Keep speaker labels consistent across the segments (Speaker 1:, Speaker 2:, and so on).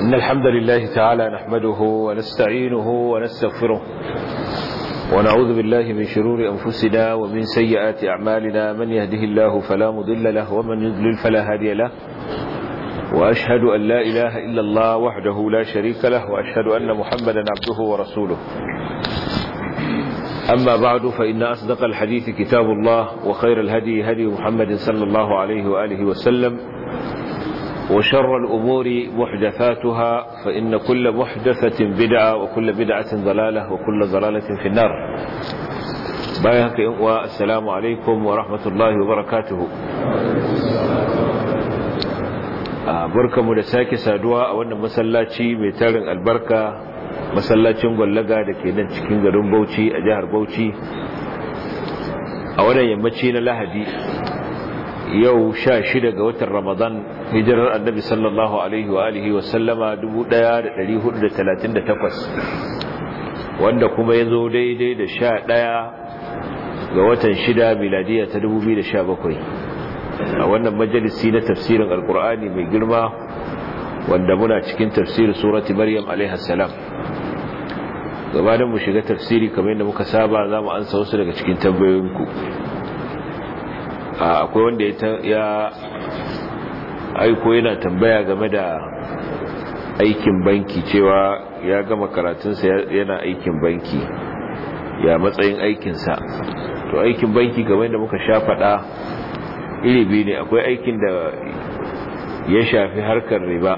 Speaker 1: إن الحمد لله تعالى نحمده ونستعينه ونستغفره ونعوذ بالله من شرور أنفسنا ومن سيئات أعمالنا من يهده الله فلا مضل له ومن يضلل فلا هادي له وأشهد أن لا إله إلا الله وحده لا شريك له وأشهد أن محمدا عبده ورسوله أما بعد فإن أصدق الحديث كتاب الله وخير الهدي هدي محمد صلى الله عليه وآله وسلم وشر الأمور محدثاتها فإن كل محدثة بدعة وكل بدعة ضلالة وكل ضلالة في النار بايهك والسلام عليكم ورحمة الله وبركاته بركة مدساكي سادوا وانا مسلاتي ميتارن البركة masallacin gwallaga da ke nan cikin garin bauchi a jihar bauchi a wannan yammaci na lahadi yau sha shida ga watan ramadan hijirar annabi sallallahu alaihi wa alihi wa sallama 1438 wanda kuma ya zo daidai da sha ɗaya ga watan shida miladiya ta 2017 a wannan majalisi na tafsirin alkur'ani mai girma wanda muna cikin tafsirin surati maryam alaihi salam gabanin mu shiga tafsiri kamar yadda muka saba za mu ansa wasu daga cikin tambayoyinku akwai wanda ya aiko yana tambaya game da aikin banki cewa ya gama karatunsa yana aikin banki ya matsayin aikinsa to aikin banki game da muka sha faɗa iri ne akwai aikin da ya shafi harkar riba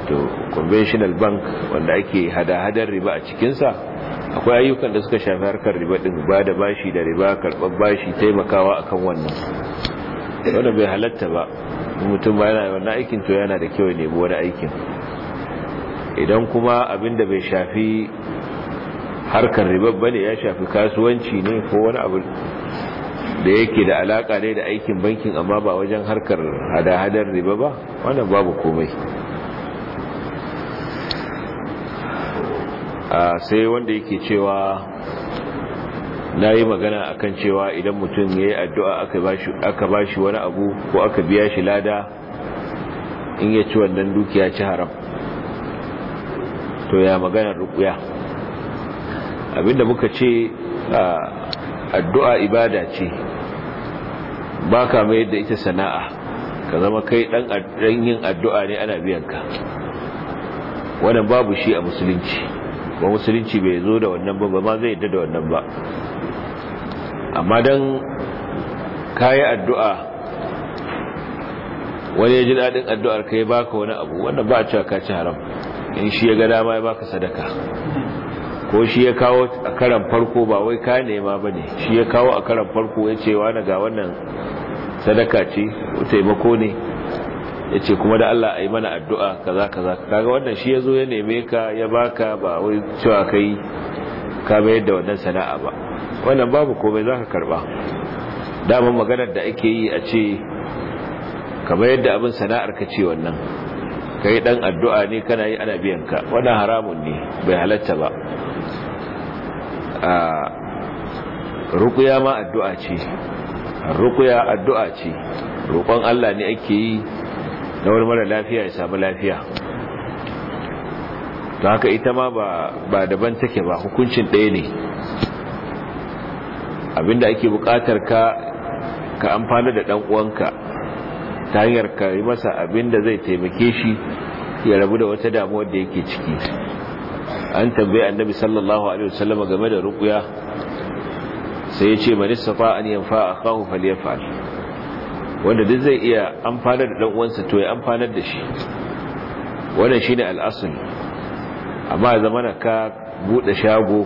Speaker 1: wato conventional bank wanda ake hada-hadar riba a cikinsa akwai ayyukan da suka shafi harkar riba din ba da bashi da riba karɓar bashi taimakawa akan wannan wanda bai halatta ba mutum ba yana wannan aikin to yana da kyau ne wani aikin idan kuma abin da bai shafi harkar riba bane ya shafi kasuwanci ne ko wani abu da yake da alaka ne da aikin bankin amma ba wajen harkar hada-hadar riba ba wannan babu komai sai wanda yake cewa na yi magana a kan cewa idan mutum ya yi addu'a aka ba shi wani abu ko aka biya shi lada in ya ci wannan dukiya ci haram to ya maganar rukuya abinda muka ce addu'a ibada ce ba ka mai da ita sana'a ka zama kai ɗan yin addu'a ne ana biyanka wannan babu shi a musulunci ba musulunci bai zo da wannan ba ba zai yadda da wannan ba amma don kayi addu'a wani ya ji daɗin addu'ar ka ya baka wani abu wannan ba a cewa ka ci haram in shi ya ga dama ya baka sadaka ko shi ya kawo a karan farko ba wai ka nema ba ne shi ya kawo a karan farko ya ce wani ga wannan sadaka ce taimako ne yace kuma da Allah ayi mana addu'a kaza kaza kaga wannan shi ya zo ya neme ka ya baka ba wai cewa kai ka bayar da wannan sana'a ba wannan babu komai zaka karba dama maganar da ake yi a ce kamar yadda abin sana'ar ka ce wannan kai dan addu'a ne kana yi ana biyan ka wannan haramun ne bai halatta ba a rukuya ma addu'a ce addu'a ce roƙon Allah ne ake yi na wani mara lafiya ya samu lafiya ta haka ita ma ba daban take ba hukuncin ɗaya ne abinda ake buƙatar ka ka amfana da ɗan uwanka ta hanyar ka yi masa abinda zai taimake shi ya rabu da wata damuwar da yake ciki an tambaye annabi sallallahu alaihi wasallama game da ruƙuya sai ya ce man istafa an a akahu falyafal wanda duk zai iya amfanar da dan uwansa to ya amfanar da shi wannan ne al'asul amma zamanar ka buɗe shago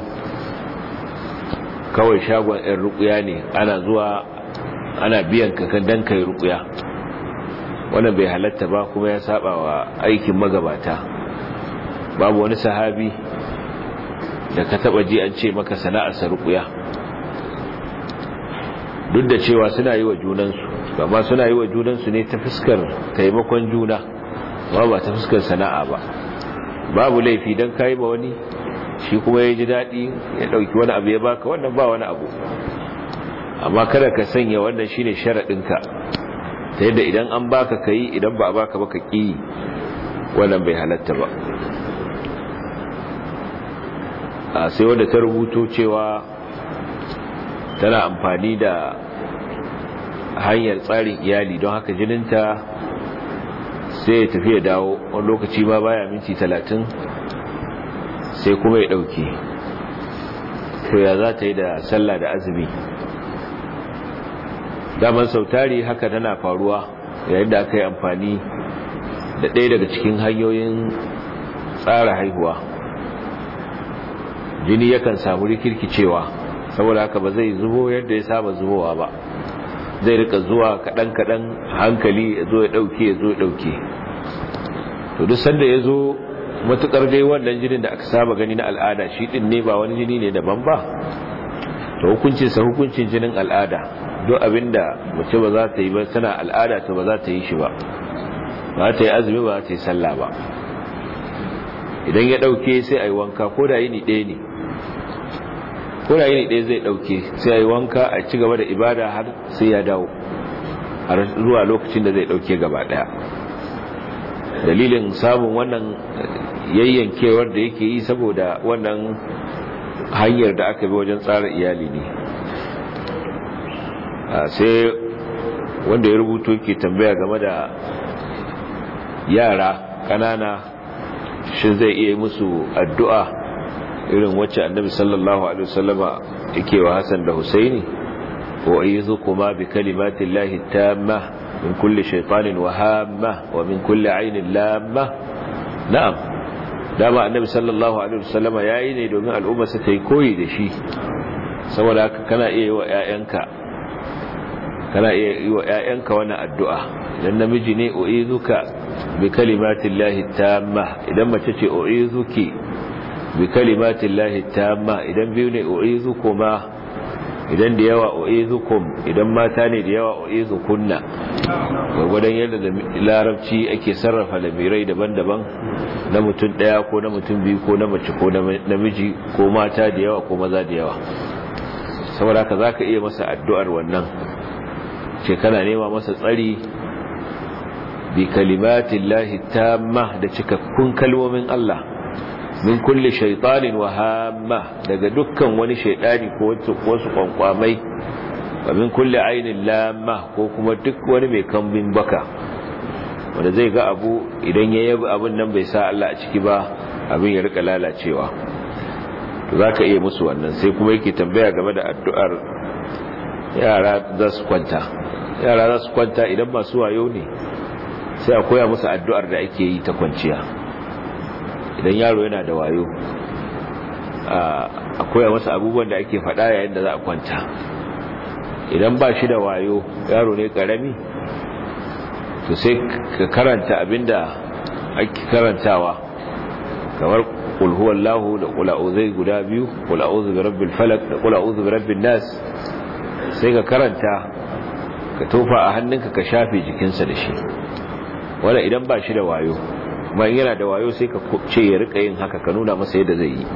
Speaker 1: kawai shagon 'yan rukuya ne ana zuwa ana biyan ka dan kai rukuya wannan bai halatta ba kuma ya saba wa aikin magabata babu wani sahabi da ka taba ji an ce maka sana'arsa rukuya duk da cewa suna yi wa junansu gama suna yi wa junansu ne ta fuskar taimakon juna ba ba ta fuskar sana'a ba babu laifi don kayi ba wani shi kuma ya ji daɗi ya ɗauki wani abu ya baka wannan ba wani abu amma kada ka sanya wannan shine sharaɗinka ta da idan an baka ka yi idan ba a baka ba ƙi wannan bai halatta ba sai wanda ta rubuto cewa tana amfani da hanyar tsarin iyali don haka jininta sai ya tafi ya dawo wani lokaci ma baya minti talatin sai kuma ya ɗauke to ya za ta yi da sallah da azumi daman sautari haka tana faruwa yayin da aka yi amfani da ɗaya daga cikin hanyoyin tsara haihuwa jini yakan samu rikirkicewa saboda haka ba zai zubo yadda ya saba zubowa ba zai rika zuwa kaɗan-kaɗan hankali ya zo ya ɗauke ya zo ya ɗauke to duk sanda ya zo matukar dai wannan jinin da aka saba gani na al'ada shi din ne ba wani jini ne daban ba to sa hukuncin jinin al'ada duk abinda mace ba za ta yi ba tana al'ada ta ba za ta yi shi ba ba ta yi azumi ba ta yi sallah ba idan ya ɗauke sai a yi wanka ko da yini ɗaya ne kuraye ne ɗaya zai ɗauke sai ya yi wanka a ci gaba da ibada har sai ya dawo har zuwa lokacin da zai ɗauke gaba ɗaya dalilin samun wannan yayyankewar da yake yi saboda wannan hanyar da aka bi wajen tsara iyali ne sai wanda ya rubuto ke tambaya game da yara ƙanana shi zai iya musu addu'a irin wacce annabi sallallahu alaihi wasallama yake wa Hassan da Husaini wa ayyuzukuma bi kalimati llahi tamma min kulli shaytanin wahamma wa min kulli aynin lamma na'am dama annabi sallallahu alaihi wasallama yayi ne domin al'umma su tayi koyi da shi saboda haka kana iya yi wa ƴaƴanka kana iya yi wa ƴaƴanka wannan addu'a idan namiji ne u'izuka bi kalimati llahi tamma idan mace ce u'izuki bi kalimatin lahi tamma idan biyu ne u'izu kuma idan da yawa kuma idan mata ne da yawa kunna gwagwadon yadda da larabci ake sarrafa lamirai daban-daban na mutum daya ko na mutum biyu ko na mace ko namiji ko mata da yawa ko maza da yawa saboda ka za ka iya masa addu'ar wannan ce kana nema masa tsari bi kalimatin lahi tamma da cikakkun kalmomin Allah min kulli shaytanin wa hamma daga dukkan wani shaytani ko wasu kwankwamai wa min kulli ainihin lamma ko kuma duk wani mai kambin baka wanda zai ga abu idan ya yi abin nan bai sa Allah a ciki ba abin ya rika lalacewa to ka iya musu wannan sai kuma yake tambaya game da addu'ar yara za su kwanta yara za su kwanta idan masu wayo ne sai a koya musu addu'ar da ake yi ta kwanciya idan yaro yana da wayo a koya masa abubuwan da ake faɗa yayin da za a kwanta idan ba shi da wayo yaro ne karami to sai ka karanta abinda ake karantawa kamar wallahu da kula'uzai guda biyu kula'uzu bi rabbil falak da kula'uzu bi rabbin nas sai ka karanta ka tofa a hannunka ka shafe jikinsa da shi wanda idan ba shi da wayo ba yana da wayo sai ka ce ya rika yin haka ka nuna masa yadda zai yi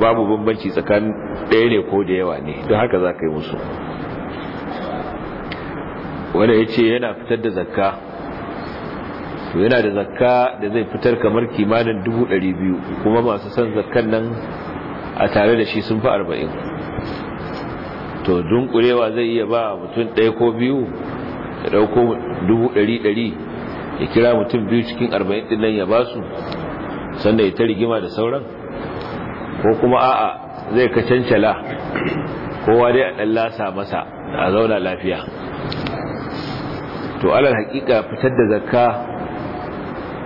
Speaker 1: babu bambanci tsakanin ɗaya ne ko da yawa ne don haka za ka yi musu wanda ya ce yana fitar da zakka to yana da zakka da zai fitar kamar kimanin dubu ɗari biyu kuma masu san zakkan nan a tare da shi sun fi arba'in to dunkulewa zai iya ba mutum ɗaya ko biyu da ɗauko dubu ɗari ɗari ya kira mutum biyu cikin arba'in din nan ya ba su sannan ya ta rigima da sauran ko kuma a'a zai ka cancala kowa dai a ɗan lasa masa a zauna lafiya to alal haƙiƙa fitar da zakka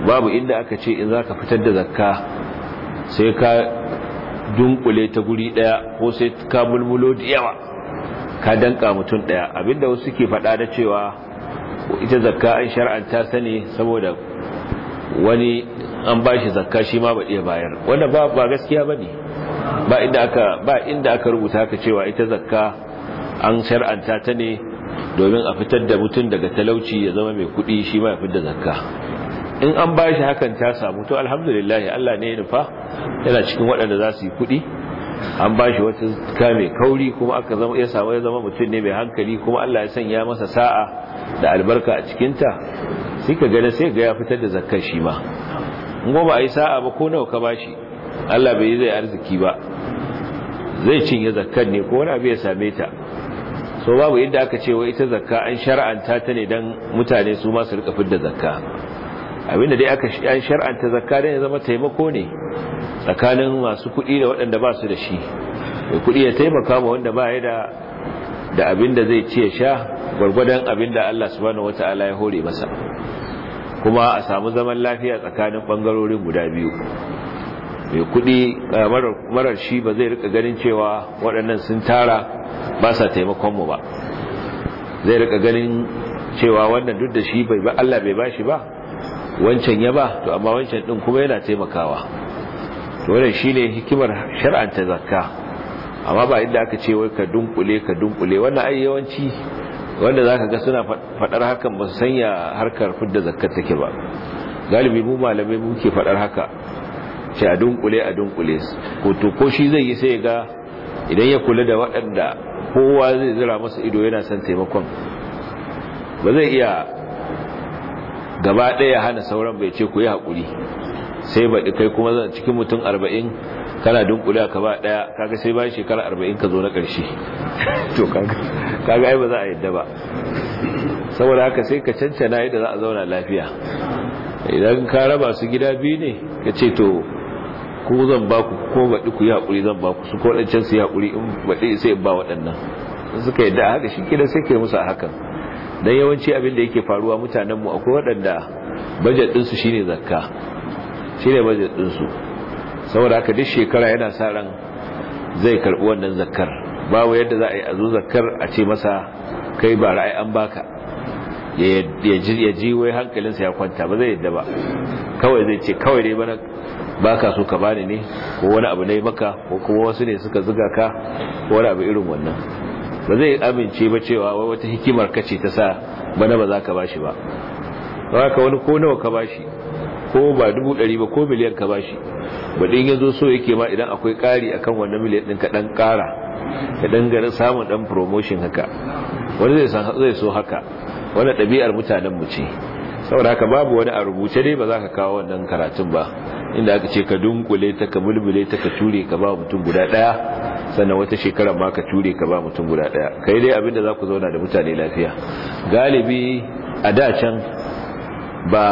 Speaker 1: babu inda aka ce in za ka fitar da zakka sai ka dunkule ta guri ɗaya ko sai ka mulmulo da yawa ka danka mutum ɗaya abinda wasu ke faɗa da cewa ita zakka an shar'anta sani saboda wani an bashi zakka shi ma ba iya bayar wanda ba gaskiya bane ba inda aka ba inda aka rubuta ka cewa ita zakka an shar'anta ta ne domin a fitar da mutum daga talauci ya zama mai kuɗi shi ma ya fitar da zakka in an bashi hakan ta samu to alhamdulillah Allah ne ya nufa yana cikin waɗanda za su yi kuɗi an ba shi wata kame mai kauri kuma aka zama ya samu ya zama mutum ne mai hankali kuma Allah ya sanya masa sa'a da albarka a cikinta sai ka gane sai ga ya fitar da zakkar shi ma in ba a yi sa'a ba ko nawa ka ba shi Allah bai yi zai arziki ba zai cinye zakkar ne ko wani abu ya same ta so babu inda aka ce wa ita zakka an shar'anta ta ne dan mutane su ma su rika fitar da zakka abinda dai aka shar'anta zakarin ya zama taimako ne tsakanin masu kuɗi da waɗanda ba su da shi mai kuɗi ya taimaka ma wanda ba ya da abinda zai ci ya sha gwargwadon abinda Allah subhanahu wataala ya hore masa kuma a samu zaman lafiya tsakanin ɓangarorin guda biyu mai kuɗi marar shi ba zai rika ganin cewa waɗannan sun tara ba sa taimakonmu ba zai rika ganin cewa wannan duk da shi bai ba Allah bai bashi ba wancan ya ba to amma wancan din kuma yana taimakawa to wannan shine hikimar shar'anta zakka amma ba inda aka ce wai ka dunkule ka dunkule wannan ai yawanci wanda zaka ga suna fadar hakan ba su sanya harkar fidda zakkar take ba galibi mu malamai mu ke fadar haka ce a dunkule a dunkule ko to ko shi zai yi sai ga idan ya kula da waɗanda kowa zai zira masa ido yana son taimakon ba zai iya gaba ɗaya hana sauran bai ce ku yi haƙuri sai baɗi kai kuma zan cikin mutum arba'in kana dunkula ka ba ɗaya kaga sai bayan shekara arba'in ka zo na ƙarshe to kaga ai ba za a yadda ba saboda haka sai ka cancana yadda za a zauna lafiya idan ka raba su gida biyu ne ka ce to ko zan ba ku ko baɗi ku yi haƙuri zan ba ku su ko ɗancan su yi haƙuri in baɗi sai in ba waɗannan suka yadda a haka shi kira sai ka yi musu a hakan dan yawanci abin da yake faruwa mutanen mu akwai waɗanda budget din su shine zakka shine budget din su saboda haka duk shekara yana sa ran zai karbi wannan zakkar babu yadda za a yi a zo zakkar a ce masa kai ba ra'ayi an baka ya ji wai hankalinsa ya kwanta ba zai yadda ba kawai zai ce kawai dai bana baka so ka bani ne ko wani abu ne maka ko kuma wasu ne suka zuga ka ko wani abu irin wannan ba zai amince ba cewa wai wata hikimar kace ta sa bana ba za ka bashi ba ka wani ko nawa ka bashi ko ba dubu dari ba ko miliyan ka bashi ba ya zo so yake ma idan akwai kari akan wannan miliyan ɗin ka ɗan ƙara ka ɗan garin samun ɗan promotion haka wani zai so haka wani ɗabi'ar mu ce saboda haka babu wani a rubuce dai ba za ka kawo wannan karatun ba inda aka ce ka dunkule ta ka mulmule ta ka ture ka ba mutum guda daya sannan wata shekara ma ka ture ka ba mutum guda daya kai dai abinda za ku zauna da mutane lafiya galibi a da can ba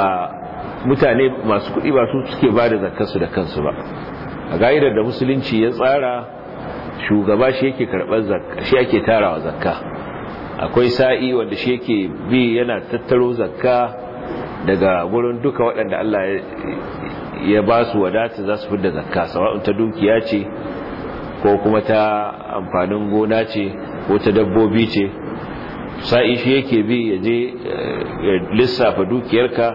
Speaker 1: mutane masu kuɗi ba su suke ba da da kansu ba a ga'idar da musulunci ya tsara shugaba shi yake karɓar zakka shi yake tarawa zakka akwai sa'i wanda shi yake bi yana tattaro zakka daga gurin duka waɗanda Allah ya ba su wadata za su fidda zakka sawa'un ta dukiya ce ko kuma ta amfanin gona ce ko ta dabbobi ce sa'i shi yake bi ya je lissafa dukiyarka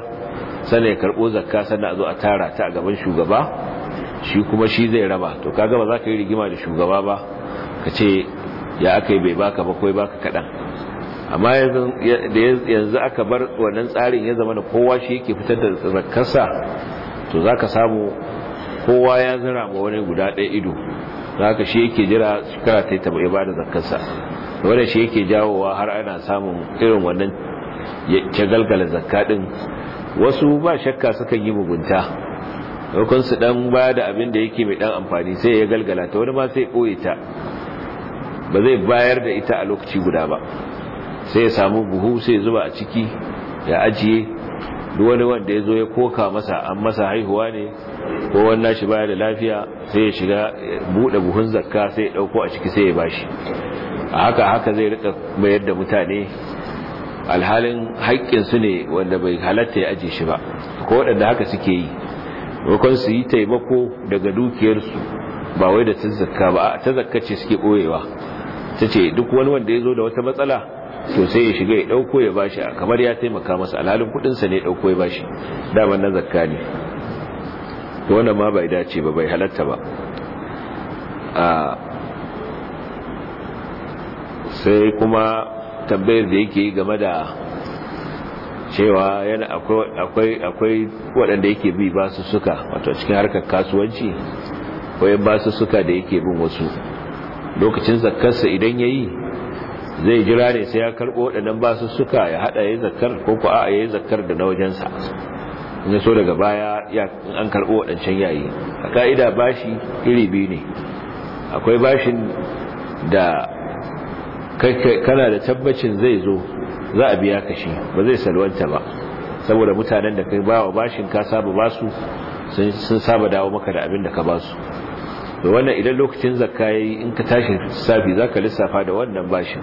Speaker 1: sannan ya karɓo zakka sannan a zo a tara ta a gaban shugaba shi kuma shi zai raba to kaga ba za ka yi rigima da shugaba ba ka ce ya aka yi bai baka ba kawai baka kaɗan amma yanzu aka bar wannan tsarin ya zama da kowa shi yake fitar da zarkarsa to za ka samu kowa ya zira ma wani guda ɗaya ido za ka shi yake jira shekara ta yi taɓa iba da zarkarsa wadda shi yake jawowa har ana samun irin wannan shagalgala zakka ɗin wasu ba shakka suka yi mugunta hukun dan ba da abin da yake mai dan amfani sai ya galgala ta wani ma sai ɓoye ta ba zai bayar da ita a lokaci guda ba sai ya samu buhu sai zuba a ciki ya ajiye duk wani wanda ya zo ya koka masa an masa haihuwa ne ko wanda shi baya da lafiya sai ya shiga buɗe buhun zakka sai ya ɗauko a ciki sai ya bashi a haka haka zai rika mayar da mutane alhalin su ne wanda bai halatta ya ajiye shi ba ko waɗanda haka suke yi wakon su yi taimako daga dukiyarsu ba wai da ta zakka ba ta zakka suke ɓoyewa ta ce duk wani wanda ya zo da wata matsala to sai ya shiga ya dauko ya bashi kamar ya taimaka masa alhalin kudin sa ne ya dauko ya bashi dama na zakka ne to wannan ma bai dace ba bai halatta ba a sai kuma tambayar da yake game da cewa yana akwai akwai waɗanda yake bi ba su suka wato cikin harkar kasuwanci ko ba su suka da yake bin wasu lokacin zakkarsa idan yayi zai jira ne sai ya karbo waɗannan basu suka ya hada yayin zakar ko ko a'a yayin zakar da na wajensa in so daga baya ya an karbo waɗancan yayi a kaida bashi iri biyu ne akwai bashin da kana da tabbacin zai zo za a biya ka shi ba zai salwanta ba saboda mutanen da kai bawa bashin ka saba basu sun saba dawo maka da abin da ka basu to wannan idan lokacin zakka yayi in ka tashi safi zaka lissafa da wannan bashin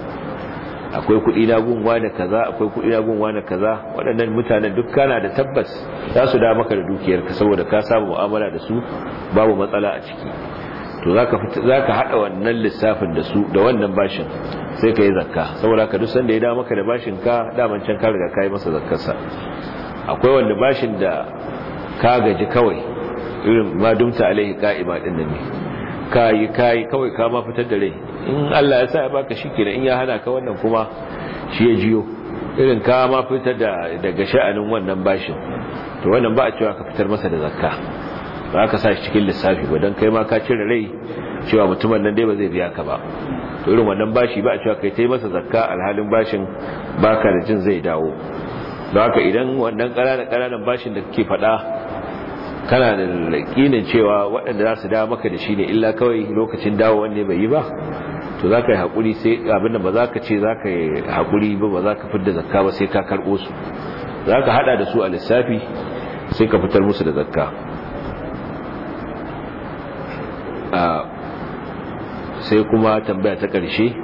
Speaker 1: akwai kudi na gunwa da kaza akwai kudi na gunwa da kaza waɗannan mutanen duk kana da tabbas za su da maka da dukiyarka saboda ka samu mu'amala da su babu matsala a ciki to za ka haɗa wannan lissafin da su da wannan bashin sai ka yi zakka saboda ka duk sanda ya da maka da bashin ka daman can ka riga ka yi masa zakkarsa akwai wanda bashin da ka gaji kawai irin ma dumta alaihi qa'ima ɗin nan ne kayi kayi kawai ka fitar da rai in Allah ya sa ya baka kenan in ya hana ka wannan kuma shi ya jiyo irin ka fitar da daga sha'anin wannan bashin to wannan ba a cewa ka fitar masa da zakka ba ka sa shi cikin lissafi ba dan kai ma ka cire rai cewa mutumin nan dai ba zai biya ka ba to irin wannan bashi ba a cewa kai tai masa zakka alhalin bashin baka da jin zai dawo don haka idan wannan ƙananan ƙananan bashin da kake faɗa kana da yakinin cewa waɗanda za su dawo maka da shi ne illa kawai lokacin dawo wanne bai yi ba to za ka yi haƙuri sai abin da ba za ka ce za ka yi haƙuri ba ba za ka fidda zakka ba sai ka karɓo su za ka haɗa da su a lissafi sai ka fitar musu da zakka sai kuma tambaya ta ƙarshe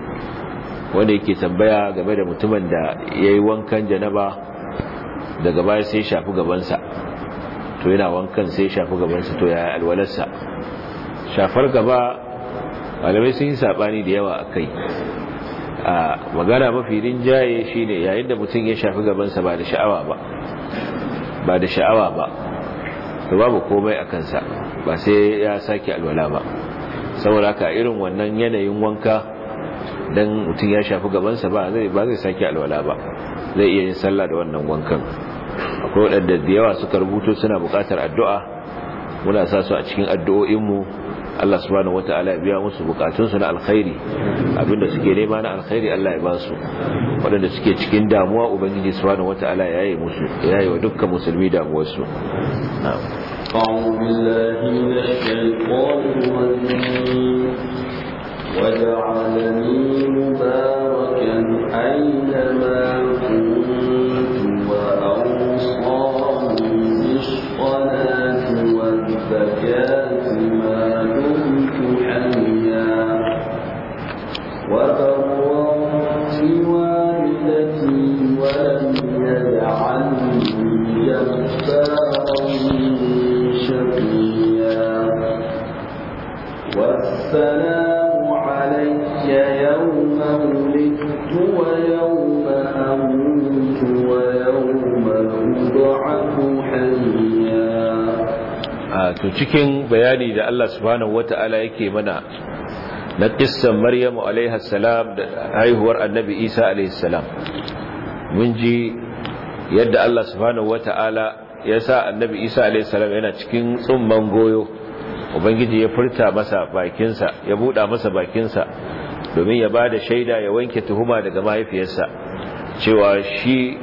Speaker 1: wanda yake tambaya game da mutumin da ya yi wankan janaba daga baya sai shafi gabansa to yana wankan sai shafi gabansa to alwalar sa shafar gaba malamai sun yi sabani da yawa akai a magana mafi rinjaye shine yayin da mutum ya shafi gabansa ba da sha'awa ba ba da sha'awa ba to babu komai a kansa ba sai ya sake alwala ba saboda ka irin wannan yanayin wanka dan mutum ya shafi gabansa ba zai ba zai sake alwala ba zai iya yin sallah da wannan wankan akwai waɗanda da yawa suka rubuto suna buƙatar addu'a muna sa su a cikin addu'o'inmu Allah subhanahu wataala ya biya musu buƙatunsu na alkhairi abinda suke nema na alkhairi Allah ya ba su waɗanda suke cikin damuwa ubangiji subhanahu wataala ya yi musu ya yi wa dukkan musulmi damuwar su وجعلني مباركا أينما كنت to cikin bayani da Allah subhanahu wata'ala yake mana na kissan Maryamu alaiha salam da haihuwar Annabi Isa alaihi salam mun ji yadda Allah subhanahu wata'ala ya sa Annabi Isa alaihi salam yana cikin tsumman goyo ubangiji ya furta masa bakinsa ya buɗa masa bakinsa domin ya bada shaida ya wanke tuhuma daga mahaifiyarsa cewa shi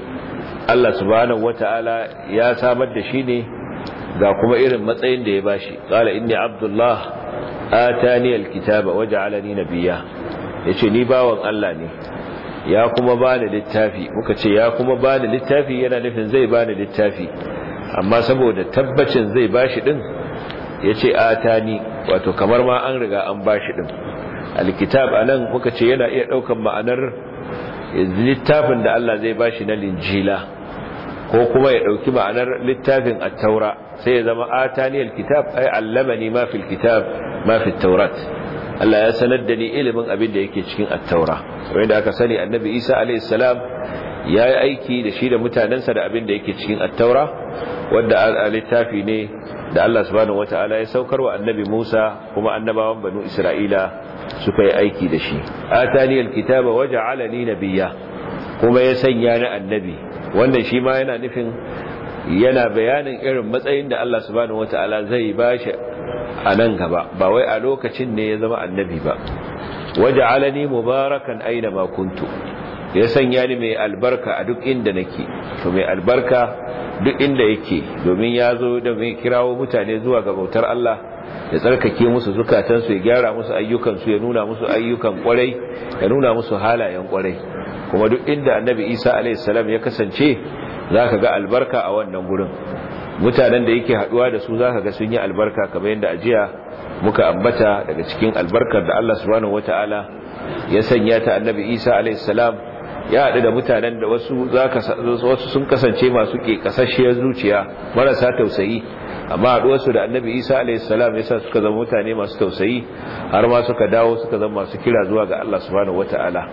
Speaker 1: Allah subhanahu wata'ala ya samar da shi ne ga kuma irin matsayin da ya bashi qala inni abdullah atani alkitaba waja'alani nabiyya yace ni bawan Allah ne ya kuma bani littafi muka ce ya kuma bani littafi yana nufin zai bani littafi amma saboda tabbacin zai bashi din yace atani wato kamar ma an riga an bashi din alkitab anan muka ce yana iya daukan ma'anar littafin da Allah zai bashi na linjila ko kuma ya dauki ma'anar littafin at-taura sai ya zama atani kitab ay allamani ma fil kitab ma fit tawrat Allah ya sanar da ni ilimin abin da yake cikin at-taura wanda aka sani annabi Isa alayhi salam ya yi aiki da shi da mutanensa da abin da yake cikin attaura wadda littafi ne da Allah subhanahu wata'ala ya saukar wa annabi Musa kuma annabawan banu Isra'ila suka yi aiki da shi atani alkitaba waja'alani nabiyya kuma ya sanya ni annabi wannan shi ma yana nufin yana bayanin irin matsayin da Allah subhanahu wata'ala zai shi a nan gaba ba wai a lokacin ne ya zama annabi ba waj'alani mubarakan aina ma kuntu ya sanya ni mai albarka a duk inda nake to mai albarka duk inda yake domin ya zo da mai kirawo mutane zuwa ga bautar Allah ya tsarkake musu zukatansu ya gyara musu ayyukansu ya nuna musu ayyukan kwarai ya nuna musu halayen kwarai kuma duk inda annabi isa alaihissalam ya kasance za ka ga albarka a wannan gurin mutanen da yake haduwa da su za ka ga sun yi albarka kamar yadda ajiya muka ambata daga cikin albarkar da allah subhanahu wataala ya sanya ta annabi isa alaihissalam ya haɗu da mutanen da wasu sun kasance masu ke kasashiyar zuciya marasa tausayi amma haduwarsu da annabi isa ya yasa suka zama mutane masu tausayi har ma suka dawo suka zama masu kira zuwa ga Allah subhanahu wataala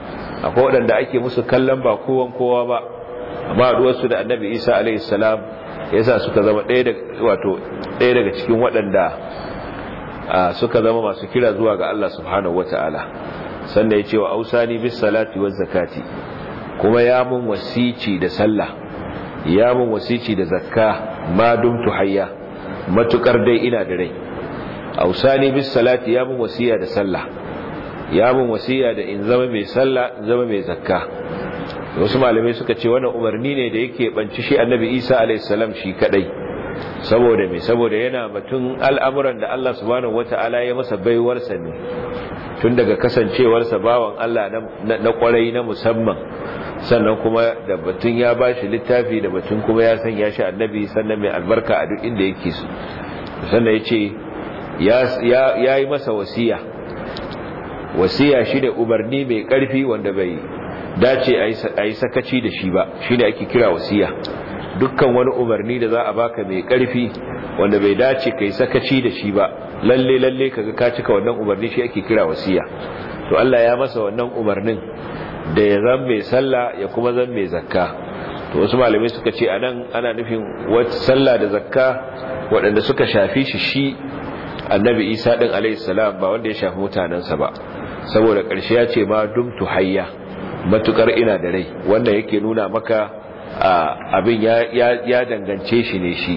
Speaker 1: akwai waɗanda ake musu kallon ba kowan kowa ba amma haduwarsu da annabi isa ya yasa suka zama ɗaya daga cikin waɗanda suka zama masu kira zuwa ga Allah subhanahu wataala sannan ya ce wa ausani bis salati waz zakati kuma ya mun wasici da sallah ya mun wasici da zakka ma dumtu hayya matukar dai ina da rai ausani bis salati ya mun wasiya da sallah ya mun wasiya da in zama mai sallah in zama mai zakka wasu malamai suka ce wannan umarni ne da yake banci shi annabi Isa alaihi salam shi kadai saboda mai saboda yana batun al'amuran da Allah subhanahu wata'ala ya masa baiwarsa ne tun daga kasancewarsa bawan Allah na kwarai na musamman sannan kuma da batun ya ba shi littafi da batun kuma ya sanya shi annabi sannan mai albarka a duk inda yake su sannan ya ce ya yi masa wasiya wasiya shi da umarni mai karfi wanda bai dace a yi sakaci da shi ba shi ne ake kira wasiya dukkan wani umarni da za a baka mai karfi wanda bai dace kai sakaci da shi ba lalle lalle kaga ka cika wannan umarni shi ake kira wasiya to Allah ya masa wannan umarnin da ya zan mai sallah ya kuma zan mai zakka to wasu malamai suka ce anan ana nufin wata sallah da zakka waɗanda suka shafi shi shi annabi isa ɗin alayhi salam ba wanda ya shafi mutanensa ba saboda ƙarshe ya ce ma dumtu hayya matukar ina da rai wanda yake nuna maka abin ya dangance shi ne shi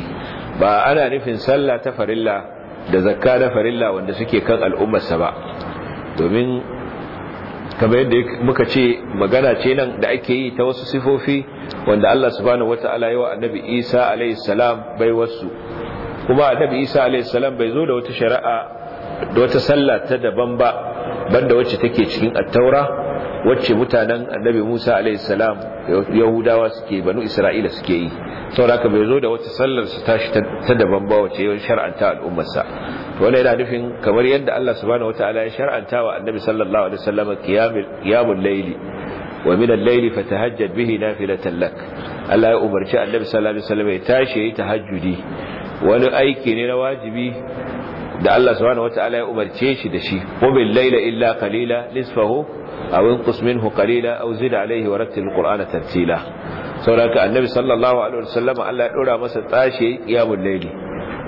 Speaker 1: ba ana nufin sallah ta farilla da zakka na farilla wanda suke kan al'ummarsa ba domin kamar yadda muka ce magana ce nan da ake yi ta wasu sifofi wanda Allah subhanahu wata'ala yi wa annabi Isa alaihi salam bai wasu kuma annabi Isa alaihi salam bai zo da wata shari'a da wata sallah ta daban ba banda wacce take cikin at-taura wacce mutanen annabi Musa alaihi salam yahudawa suke banu isra'ila suke yi saboda haka bai zo da wata sallar su tashi ta daban ba wacce yawan shar'anta To wanda yana nufin kamar yadda Allah subhanahu wataala ya shar'anta wa annabi sallallahu alaihi wasallam qiyamul layli wa min al-layli fatahajjad bihi nafilatan lak Allah ya umarci annabi sallallahu alaihi wasallam ya tashi yayi tahajjudi wani aiki ne na wajibi da Allah subhanahu wataala ya umarce shi da shi qumil Laila illa qalila nisfahu aw inqus minhu qalila aw zid alayhi wa rattil qur'ana tartila saboda annabi sallallahu alaihi wasallam Allah ya dora masa tashi qiyamul layli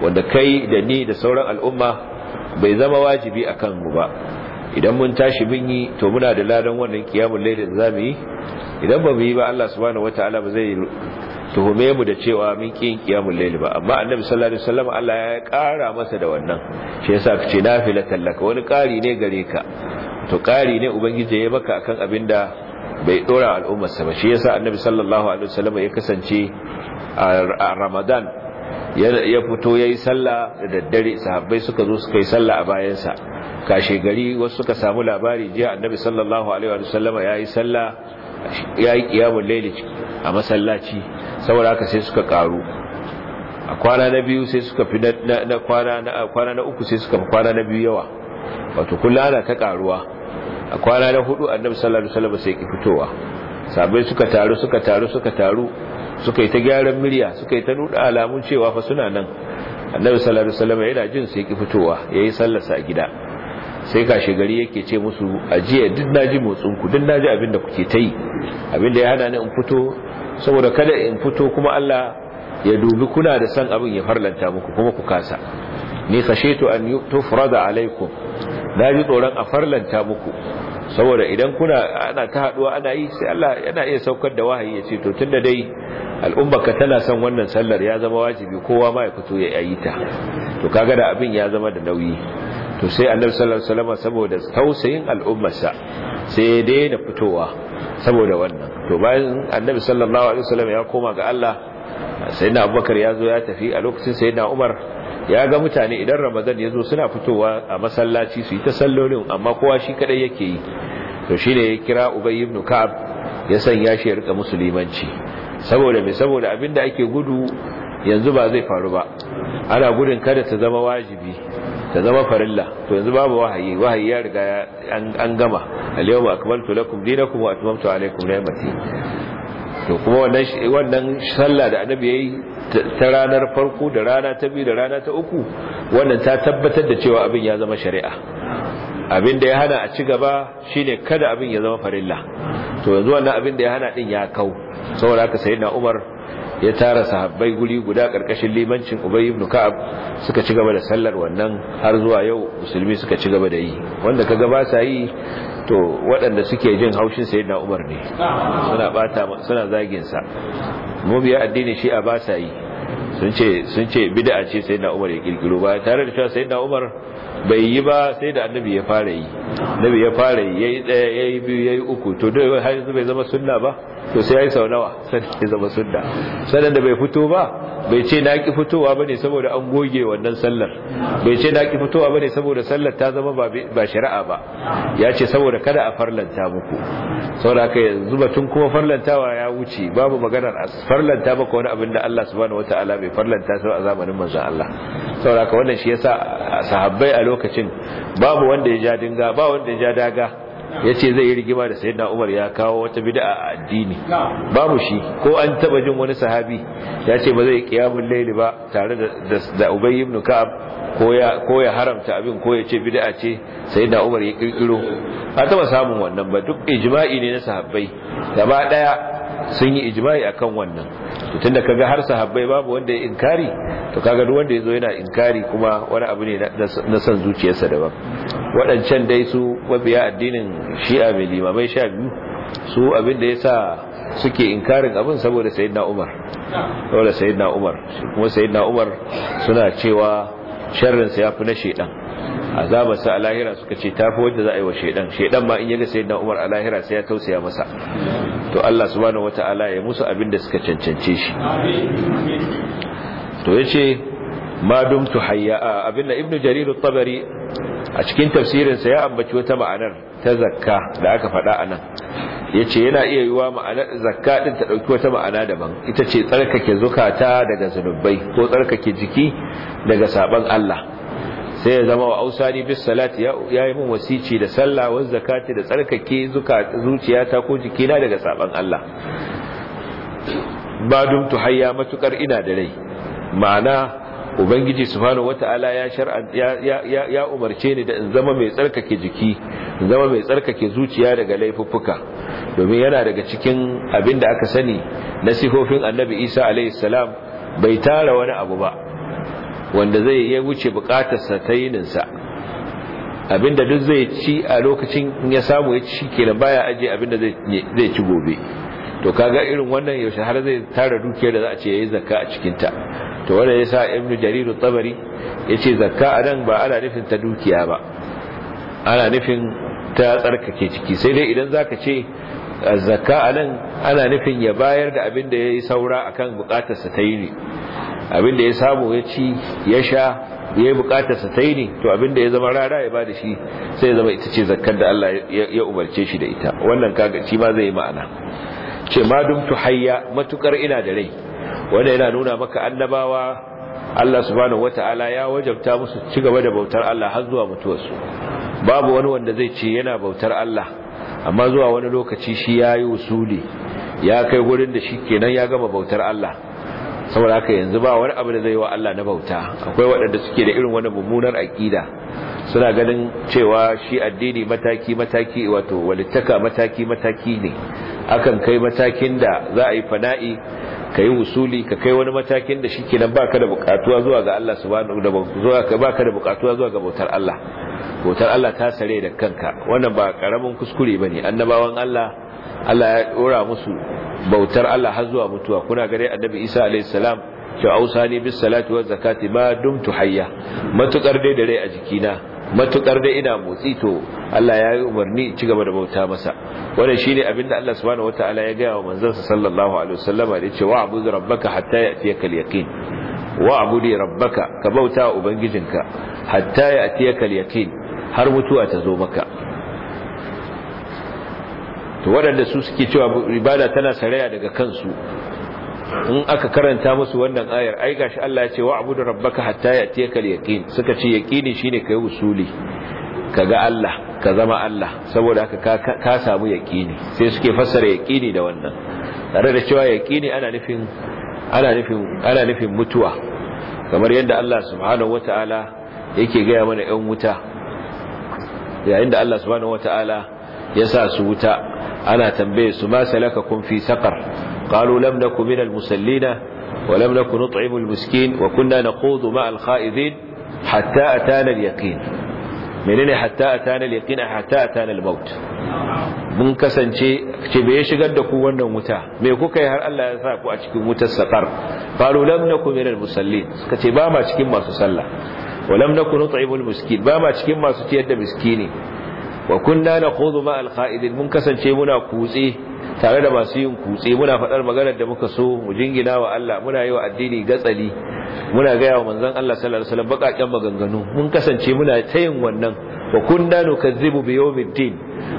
Speaker 1: wanda kai da ni da sauran al'umma bai zama wajibi akan mu ba idan mun tashi mun yi to muna da ladan wannan qiyamul layli da zamu yi idan ba mu yi ba Allah subhanahu wataala ba zai tuhume mu da cewa mun ki yin qiyamul layl ba amma annabi sallallahu alaihi wasallam Allah ya kara masa da wannan shi yasa kace nafilatan laka wani kari ne gare ka to kari ne ubangiji ya maka akan abinda bai dora al'ummar sa ba shi yasa annabi sallallahu alaihi wasallam ya kasance a Ramadan ya fito yayi sallah da daddare sahabbai suka zo suka yi sallah a bayansa kashe gari wasu suka samu labari jiya annabi sallallahu alaihi ya yayi sallah ya yi kiyamun laili a masallaci saboda haka sai suka karu a kwana na biyu sai suka fi na kwana na uku sai suka fi kwana na biyu yawa wato kula ana ta karuwa a kwana na hudu annabi sallallahu alaihi wasallam sai ki fitowa sabai suka taru suka taru suka taru suka yi ta gyaran murya suka yi ta nuna alamun cewa fa suna nan annabi sallallahu alaihi wasallam yana jin sai ki fitowa yayi sallarsa a gida sai ka gari yake ce musu ajiye duk naji motsin ku duk naji abin da kuke ta yi abin da ya hana ni in fito saboda kada in fito kuma Allah ya dubi kuna da san abin ya farlanta muku kuma ku kasa ni khashaitu an tufrada alaikum naji tsoron a farlanta muku saboda idan kuna ana ta haduwa ana yi sai Allah yana iya saukar da wahayi ya ce to tunda dai al'umma ka tana son wannan sallar ya zama wajibi kowa ma ya fito ya yi ta to kaga da abin ya zama da nauyi to sai annabi sallallahu alaihi wasallam saboda tausayin al'ummarsa sai ya daina fitowa saboda wannan to bayan annabi sallallahu alaihi wasallam ya koma ga Allah sayyidina Abubakar ya zo ya tafi a lokacin sayyidina Umar ya ga mutane idan Ramadan ya zo suna fitowa a masallaci su yi ta sallolin amma kowa shi kadai yake yi to shine ya kira Ubay ibn Ka'ab ya sanya shi ya rika musulmanci saboda me saboda abinda ake gudu yanzu ba zai faru ba ana gudun kada ta zama wajibi ta zama farilla to yanzu babu wahayi wahayi ya riga an gama al-yawma akmaltu lakum dinakum wa atmamtu alaykum ni'mati to kuma wannan wannan sallah da annabi yayi ta ranar farko da rana ta biyu da rana ta uku wannan ta tabbatar da cewa abin ya zama shari'a abin da ya hana a ci gaba shine kada abin ya zama farilla to yanzu wannan abin da ya hana din ya kau saboda haka sayyidina Umar ya tara sahabbai guri guda karkashin limancin Ubay ibn Ka'ab suka ci gaba da sallar wannan har zuwa yau musulmi suka ci gaba da yi wanda kaga ba sa yi to waɗanda suke jin haushin sayyidina Umar ne suna bata suna zagin sa mu biya addini shi a ba sa yi sun ce sun ce bid'a ce sayyidina Umar ya kirkiro ba tare da cewa sayyidina Umar bai yi ba sai da annabi ya fara yi annabi ya fara yi yayi daya yayi biyu yayi uku to dai har yanzu bai zama sunna ba to sai yayi sau nawa sai ya zama sunna sanan da bai fito ba bai ce na ki fitowa bane saboda an goge wannan sallar bai ce na ki fitowa bane saboda sallar ta zama ba shari'a ba ya ce saboda kada a farlanta muku saboda haka yanzu batun kuma farlantawa ya wuce babu maganar farlanta farlanta ko wani abin da Allah subhanahu wataala bai farlanta sai a zamanin manzo Allah saboda haka wannan shi yasa sahabbai a lokacin babu wanda ya ja dinga ba wanda ya ja daga ya ce zai yi rigima da sayyidina Umar ya kawo wata bid'a a addini babu shi ko an taba jin wani sahabi ya ce ba zai kiyamul layli ba tare da da Ubay ibn Ka'ab ko ya haramta abin ko ya ce bid'a ce sayyidina Umar ya kirkiro a taba samun wannan ba duk ijma'i ne na sahabbai gaba daya sun yi ijma'i akan wannan to tunda kaga har sahabbai babu wanda ya inkari to kaga duk wanda zo yana inkari kuma wani abu ne na san zuciyarsa daban Waɗancan dai su mabiya addinin Shi'a mai limamai sha biyu su abin da yasa suke inkarin abin saboda sayyidina Umar saboda sayyidina Umar kuma sayyidina Umar suna cewa sharrinsa ya fi na shedan azaba sa Alahira suka ce tafi wanda za a yi wa shaidan shaidan ma in yaga sayyidina Umar Alahira sai ya tausaya masa to Allah subhanahu wataala ya musu abin da suka cancance shi to yace ma dumtu hayya abin da ibnu jarir at-tabari a cikin tafsirin sa ya ambaci wata ma'anar ta zakka da aka faɗa anan yace yana iya yiwa ma'anar zakka din ta dauki wata ma'ana daban ita ce tsarkake zukata daga zunubai ko tsarkake jiki daga saban Allah sai ya zama wa ausari bis salati ya yi mun wasici da sallah wa zakati da tsarkake zuka zuciyata ko jikina daga saban Allah ba dum tu hayya matukar ina da rai ma'ana ubangiji subhanahu wataala ya shar'a ya ya umarce ni da in zama mai tsarkake jiki in zama mai tsarkake zuciya daga laifuffuka domin yana daga cikin abin da aka sani na sifofin annabi Isa alayhi salam bai tara wani abu ba wanda zai iya wuce bukatarsa ta yininsa abinda duk zai ci a lokacin ya samu ya ci kenan baya aje abinda zai ci gobe to kaga irin wannan yaushe har zai tara dukiyar da za a ce yi zakka a cikinta. to wanda yasa ibnu jarir at ya zaka zakka nan ba ana nufin ta dukiya ba ana nufin ta tsarkake ciki sai dai idan zaka ce zakka nan ana nufin ya bayar da abinda da yi saura akan bukatarsa ta yi ne abin da ya samu ya ci ya sha ya yi sa ta yi ne to abin da ya zama rara ya ba da shi sai ya zama ita ce zakkar da Allah ya umarce shi da ita wannan kaga ci ma zai yi ma'ana ce ma dum tu hayya matukar ina da rai wanda yana nuna maka annabawa Allah subhanahu wata'ala ya wajabta musu ci gaba da bautar Allah har zuwa mutuwarsu babu wani wanda zai ce yana bautar Allah amma zuwa wani lokaci shi yayi usuli ya kai gurin da shi kenan ya gama bautar Allah saboda haka yanzu ba wani abu da zai wa Allah na bauta akwai waɗanda suke da irin wani mummunar aƙida suna ganin cewa shi addini mataki mataki wato walittaka mataki mataki ne akan kai matakin da za a yi fana'i ka yi wusuli ka kai wani matakin da nan baka da bukatuwa zuwa ga Allah subhanahu da zuwa ka baka da bukatuwa zuwa ga bautar Allah bautar Allah ta sare da kanka wannan ba karamin kuskure bane annabawan Allah Allah ya ɗora musu bautar Allah har zuwa mutuwa kuna gare annabi Isa alayhi salam ki ausani bis salati wa zakati ma dumtu hayya matukar dai da rai a jikina matukar dai ina motsi to Allah ya yi umarni ci gaba da bauta masa wannan shine abinda Allah subhanahu wataala ya ga wa sa sallallahu alaihi wasallama da cewa abudu rabbaka hatta ya'tiyaka al-yaqin wa abudi rabbaka ka bauta ubangijinka hatta ya'tiyaka al-yaqin har mutuwa ta zo maka to waɗanda su suke cewa ibada tana saraya daga kansu in aka karanta musu wannan ayar ai gashi Allah ya ce wa abudu rabbaka hatta yatiyaka al-yaqin suka ce yaqini shine kai usuli kaga Allah ka zama Allah saboda haka ka samu yaqini sai suke fassara yaqini da wannan tare da cewa yaqini ana nufin ana nufin ana nufin mutuwa kamar yadda Allah subhanahu wataala yake gaya mana 'yan wuta yayin da Allah subhanahu wataala ya sa su wuta ana tambaye su ma salaka kun fi saqar qalu lam nakum minal musallina wa lam nakum nut'imu al-miskin wa kunna naqudu ma al-kha'idin hatta atana al-yaqin menene hatta atana al-yaqin hatta atana al-maut mun kasance ce me shigar da ku wannan wuta me kuka yi har Allah ya sa ku a cikin wutar saqar qalu lam nakum minal musallin suka ce ba ma cikin masu sallah wa lam nakum nut'imul miskin ba ma cikin masu ciyar da miskini wa kunna nakhudhu ma al mun kasance muna kutse tare da masu yin kutse muna faɗar maganar da muka so mu jingina wa Allah muna yi wa addini gatsali muna gaya wa manzon Allah sallallahu alaihi wasallam maganganu mun kasance muna ta yin wannan wa kunna nukazzibu bi yawmiddin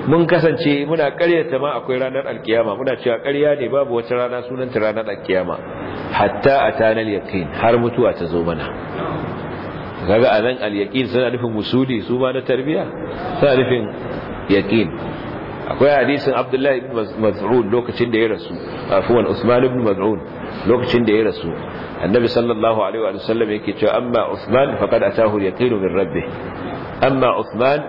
Speaker 1: mun kasance muna karyata ma akwai ranar alkiyama muna cewa ƙarya ne babu wata rana sunanta ranar alkiyama hatta atana al-yaqin har mutuwa ta zo mana kaga nan al-yaqin suna nufin musudi su ma na tarbiya suna nufin yaqin akwai hadisin Abdullahi ibn Mas'ud lokacin da ya rasu afwan Usman ibn Mas'ud lokacin da ya rasu annabi sallallahu alaihi wa sallam yake cewa amma Usman faqad atahu al-yaqin min rabbih amma Usman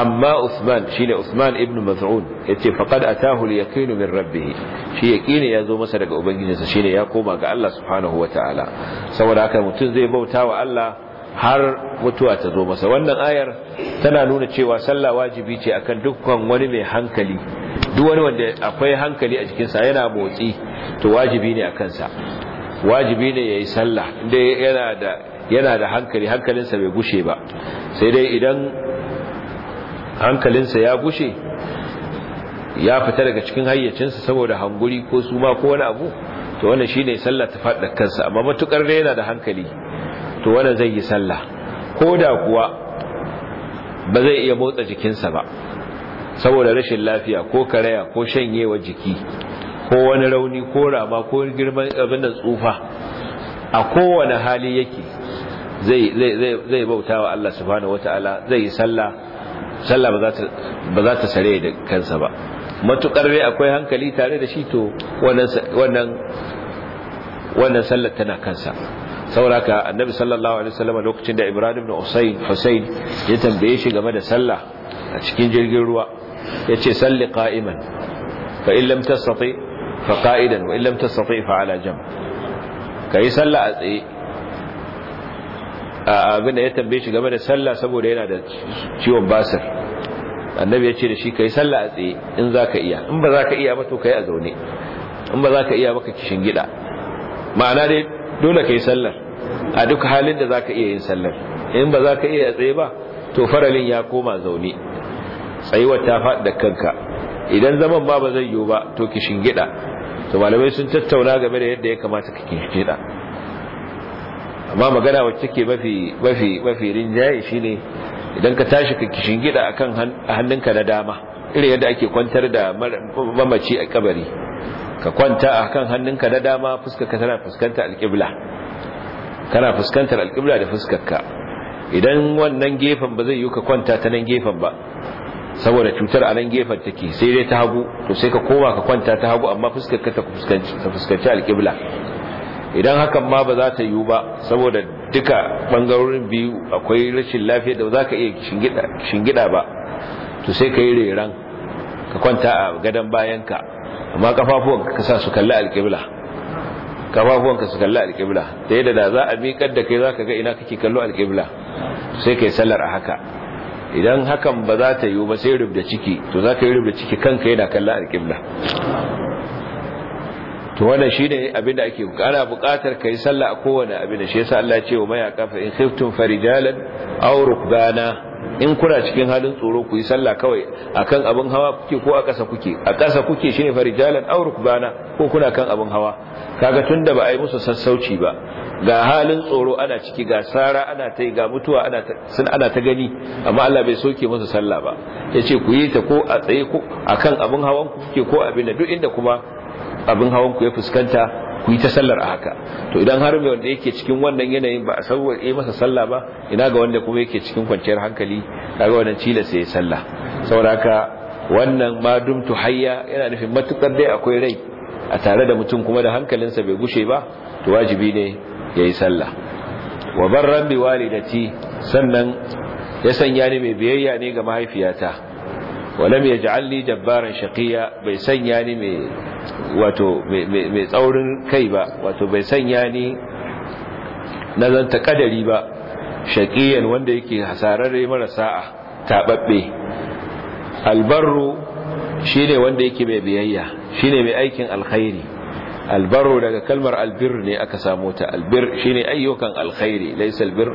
Speaker 1: amma Usman shine Usman ibn Mas'ud yace faqad atahu al-yaqin min rabbih shi ya zo masa daga ubangijinsa shine ya koma ga Allah subhanahu wataala saboda haka mutum zai bauta wa Allah har mutuwa ta zo masa wannan ayar tana nuna cewa sallah wajibi ce akan dukkan wani mai hankali duk wani wanda akwai hankali a jikinsa yana motsi to wajibi ne a kansa wajibi ne yayi sallah inda yana da yana da hankali hankalinsa bai gushe ba sai dai idan hankalinsa ya gushe ya fita daga cikin hayyacinsa saboda hanguri ko suma ko wani abu to wannan shine sallah ta faɗa kansa amma matukar ne yana da hankali to wannan zai yi sallah ko da kuwa ba zai iya motsa jikinsa ba saboda rashin lafiya ko karaya ko shanyewa jiki ko wani rauni ko rama ko girman abin da tsufa a kowane hali yake zai bauta wa Allah subhanahu wataala zai yi sallah sallah ba za ta sare da kansa ba matuƙar rai akwai hankali tare da shi to wannan wannan sallar tana kansa sauraka annabi sallallahu alaihi wasallam lokacin da ibrahim ibn usayn husayn ya tambaye shi game da sallah a cikin jirgin ruwa yace salli qa'iman fa in lam tastati fa qa'idan wa in lam tastati fa ala jam kai sallah a tsaye abin da ya tambaye shi game da sallah saboda yana da ciwon basir annabi ya ce da shi kai sallah a tsaye in zaka iya in ba zaka iya ba to kai a zaune in ba zaka iya ba ka kishin gida ma'ana dai dole ka yi sallar a duk halin da za ka iya yin sallar in ba za ka iya tsaye ba to faralin ya koma zaune tsayuwar ta faɗi kanka idan zaman ba ba zai yiwu ba to ki shingida to malamai sun tattauna game da yadda ya kamata ka shingida amma magana wacce ke mafi mafi mafi rinjaye shine idan ka tashi ka shingida akan hannunka na dama irin yadda ake kwantar da mamaci a kabari ka kwanta a kan hannunka na dama fuskarka tana fuskantar alƙibla kana fuskantar alƙibla da fuskarka idan wannan gefen ba zai yi ka kwanta ta nan gefen ba saboda cutar a nan gefen take sai dai ta hagu to sai ka koma ka kwanta ta hagu amma fuskarka ta fuskanci alƙibla idan hakan ma ba za ta yiwu ba saboda duka ɓangarorin biyu akwai rashin lafiya da ba za ka iya shingida ba to sai ka yi reran ka kwanta a gadon bayanka amma kafafuwan ka sa su kalli alƙibla kafafuwan ka su kalli alƙibla ta yadda da za a miƙar da kai za ka ga ina kake kallo alƙibla sai ka yi sallar a haka idan hakan ba za ta yiwu ba sai da ciki to za ka yi da ciki kanka yana kalla alƙibla to shi ne abin da ake buƙatar ka yi sallah a kowane abin da shi yasa Allah ce wa mayaka fa in khiftum farijalan aw rukbana in kuna cikin halin tsoro ku yi sallah kawai akan abin hawa kuke ko a ƙasa kuke a ƙasa kuke shine farijalan aw rukbana ko kuna kan abin hawa kaga tunda ba a yi musu sassauci ba ga halin tsoro ana ciki ga sara ana ta ga mutuwa ana ta sun ana ta gani amma Allah bai soke musu sallah ba yace ku yi ta ko a tsaye ko akan abin hawan ku kuke ko abin da duk inda kuma abin hawan ku ya fuskanta ku yi ta sallar a haka to idan har mai wanda yake cikin wannan yanayin ba a yi masa sallah ba ina ga wanda kuma yake cikin kwanciyar hankali kaga wannan cila sai ya sallah saboda haka wannan ma dumtu hayya yana nufin matukar dai akwai rai a tare da mutum kuma da hankalinsa bai gushe ba to wajibi ne yayi sallah wa barran bi walidati sannan ya sanya ni mai biyayya ne ga mahaifiyata walam yaj'alni jabbaran shaqiya bai sanya ni mai wato mai tsaurin kai ba wato bai sanya ni nazanta kadari ba shaqiyan wanda yake hasararre mara sa'a tababbe albarru shine wanda yake mai biyayya shine mai aikin alkhairi albarru daga kalmar albir ne aka samu ta albir shine ayyukan alkhairi laysa albir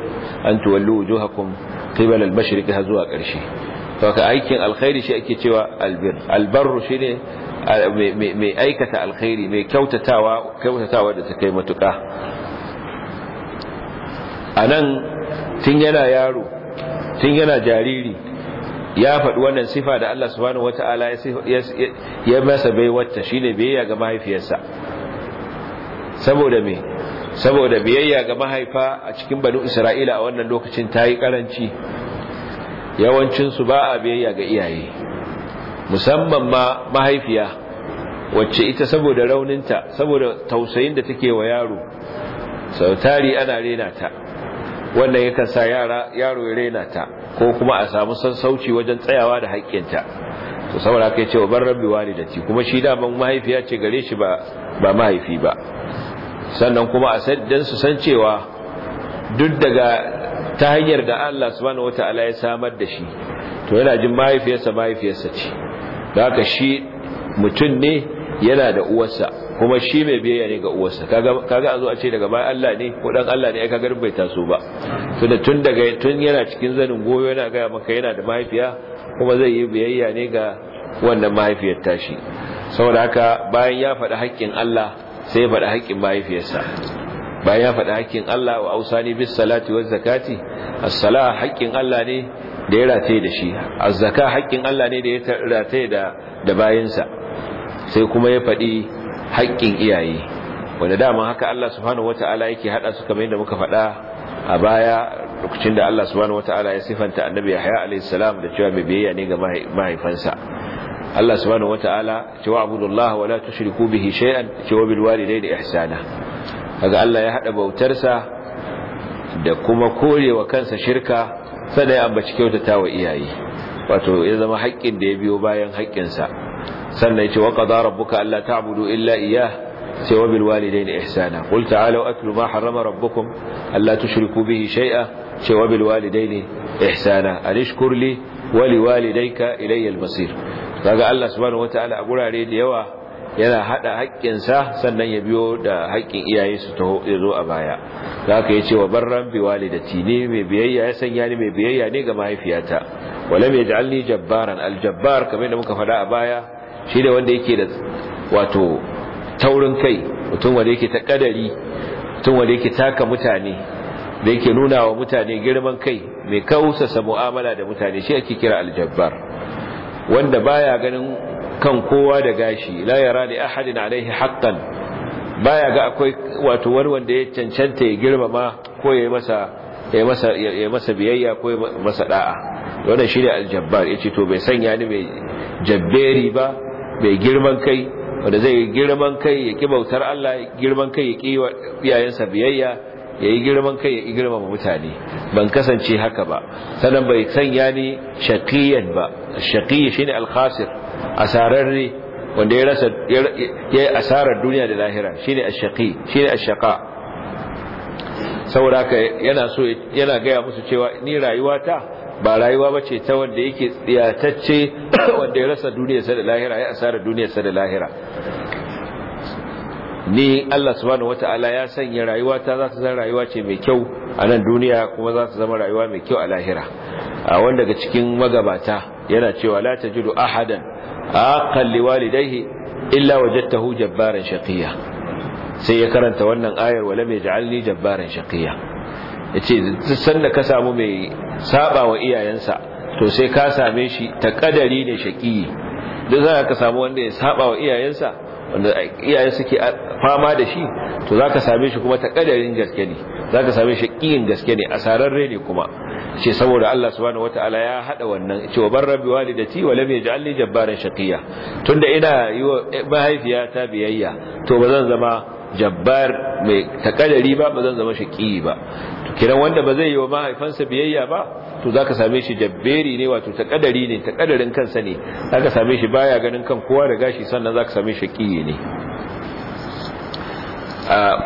Speaker 1: an tuwallu wujuhakum qibala al-mashriqi zuwa karshe to ka aikin alkhairi shi ake cewa albir albarru shine mai aikata alkhairi mai kyautatawa kyautatawa da ta kai matuƙa a nan tun yana yaro tun yana jariri ya faɗi wannan sifa da Allah subhanahu ta'ala ya masa shi shine biyayya ga mahaifiyarsa saboda me saboda biyayya ga mahaifa a cikin banu Isra'ila a wannan lokacin ta yi karanci yawancinsu ba a biyayya ga iyaye musamman ma mahaifiya wacce ita saboda rauninta saboda tausayin da take wa yaro sau tari ana rena ta wannan yakan sa yaro ya rena ta ko kuma a samu sassauci wajen tsayawa da haƙƙinta to saboda ban Rabi wa rabbi walidati kuma shi daman mahaifiya ce gare shi ba mahaifi ba sannan kuma a sadin su san cewa duk daga ta hanyar da Allah subhanahu wataala ya samar da shi to yana jin mahaifiyarsa mahaifiyarsa ce da haka shi mutum ne yana da uwarsa kuma shi mai biyayya ne ga uwarsa kaga a zo a ce daga bayan Allah ne ko dan Allah ne ai kaga bai taso ba tunda tun daga tun yana cikin zanin goyo yana ga maka yana da mahaifiya kuma zai yi biyayya ne ga wannan mahaifiyar tashi saboda haka bayan ya faɗi haƙƙin Allah sai ya faɗi haƙƙin mahaifiyarsa bayan ya faɗi haƙƙin Allah wa ausani bis salati waz zakati as-salah haƙƙin Allah ne da ya rataye da shi azzaka haƙƙin Allah ne da ya rataye da da bayinsa sai kuma ya faɗi haƙƙin iyaye wanda dama haka Allah subhanahu wataala yake hada su kamar yadda muka faɗa a baya lokacin da Allah subhanahu wataala ya sifanta annabi Yahya alayhi salam da cewa mai biyayya ne ga mahaifansa Allah subhanahu wataala cewa abudullahi wala tushriku bihi shay'an cewa bil walidayni ihsana kaga Allah ya hada bautarsa da kuma korewa kansa shirka sannan ya ambaci kyautata wa iyaye wato ya zama haƙƙin da ya biyo bayan haƙƙinsa sannan ce wa qadara rabbuka alla ta'budu illa iyyah sai wa bil walidayni ihsana qul ta'alu atlu ma harrama rabbukum alla tushriku bihi shay'a sai wa bil walidayni ihsana anishkur li wa liwalidayka ilayya al-masir kaga Allah subhanahu wataala a gurare da yawa yana hada haƙƙinsa sannan ya biyo da haƙƙin iyaye su taho ya zo a baya za ka yi cewa wa barran bi walidati ne mai biyayya ya sanya ni mai biyayya ne ga mahaifiyata wala mai alli jabbaran aljabbar kamar da muka faɗa a baya shi ne wanda yake da wato taurin kai mutum wanda yake ta kadari mutum wanda yake taka mutane da yake nuna wa mutane girman kai mai kausasa mu'amala da mutane shi ake kira aljabbar wanda baya ganin kan kowa da gashi la yara li ahadin alaihi haqqan baya ga akwai wato wani wanda ya cancanta ya girmama ko ya masa ya masa ya masa biyayya ko ya masa da'a wannan shine aljabbar yace to bai sanya ni mai jabberi ba bai girman kai wanda zai girman kai ya ki bautar Allah girman kai ya ki iyayensa biyayya ya yi girman kai ya yi girmama mutane ban kasance haka ba sanan bai sanya ni shaqiyan ba shaqiy shine alkhasir asararre wanda ya rasa ya yi asarar duniya da lahira shine ashaqi shine ashaqa saboda haka yana so yana gaya musu cewa ni rayuwata ba rayuwa bace ta wanda yake tsiyatacce wanda ya rasa duniyarsa da lahira ya asarar duniyarsa da lahira ni Allah subhanahu wata'ala ya sanya rayuwa ta za ta zama rayuwa ce mai kyau a nan duniya kuma za ta zama rayuwa mai kyau a lahira a wanda daga cikin magabata yana cewa la tajidu ahadan aqal liwalidayhi illa wajadtahu jabbaran shaqiya sai ya karanta wannan ayar wala mai ja'alni jabbaran shaqiya yace duk sanda ka samu mai saba wa iyayensa to sai ka same shi ta kadari ne shaqiyi duk za ka samu wanda ya saba wa iyayensa wanda iyaye suke fama da shi to zaka same shi kuma ta kadarin gaske ne zaka same shi kiyin gaske ne a asararre ne kuma ce saboda Allah subhanahu wataala ya haɗa wannan ce wa bar rabbi walidati wa lam yaj'alni jabbaran shaqiyya tunda ina yi wa mahaifiyata biyayya to bazan zama jabbar mai takadari ba bazan zama shaqi ba kiran wanda ba zai yi wa mahaifansa biyayya ba to zaka same shi jabberi ne wato ta kadari ne ta kadarin kansa ne zaka same shi baya ganin kan kowa da gashi sannan zaka same shi kiyi ne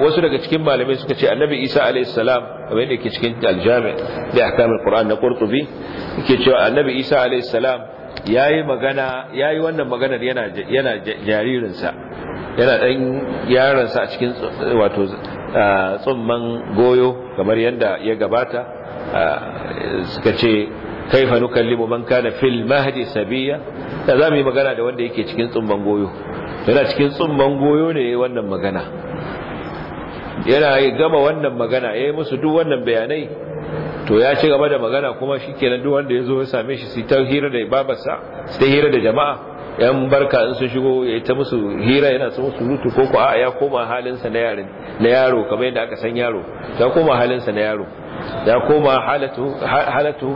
Speaker 1: wasu daga cikin malamai suka ce annabi isa salam kamar yadda yake cikin aljami da ahkamul qur'an na qurtubi yake cewa annabi isa salam yayi magana yayi wannan maganar yana yana jaririnsa yana dan yaransa a cikin wato tsumman goyo kamar yadda ya gabata suka ce kaifa nukallimu man kana fil mahdi sabiya da mu yi magana da wanda yake cikin tsumman goyo yana cikin tsumman goyo ne wannan magana yana gama wannan magana ya yi musu duk wannan bayanai to ya ci gaba da magana kuma shi kenan duk wanda ya zo ya same shi su ta hira da babarsa su ta hira da jama'a yan barka in sun shigo ya ta musu hira yana su musu rutu ko ko a'a ya koma halinsa na yaro na yaro kamar yadda aka san yaro ya koma halinsa na yaro ya koma halatu halatu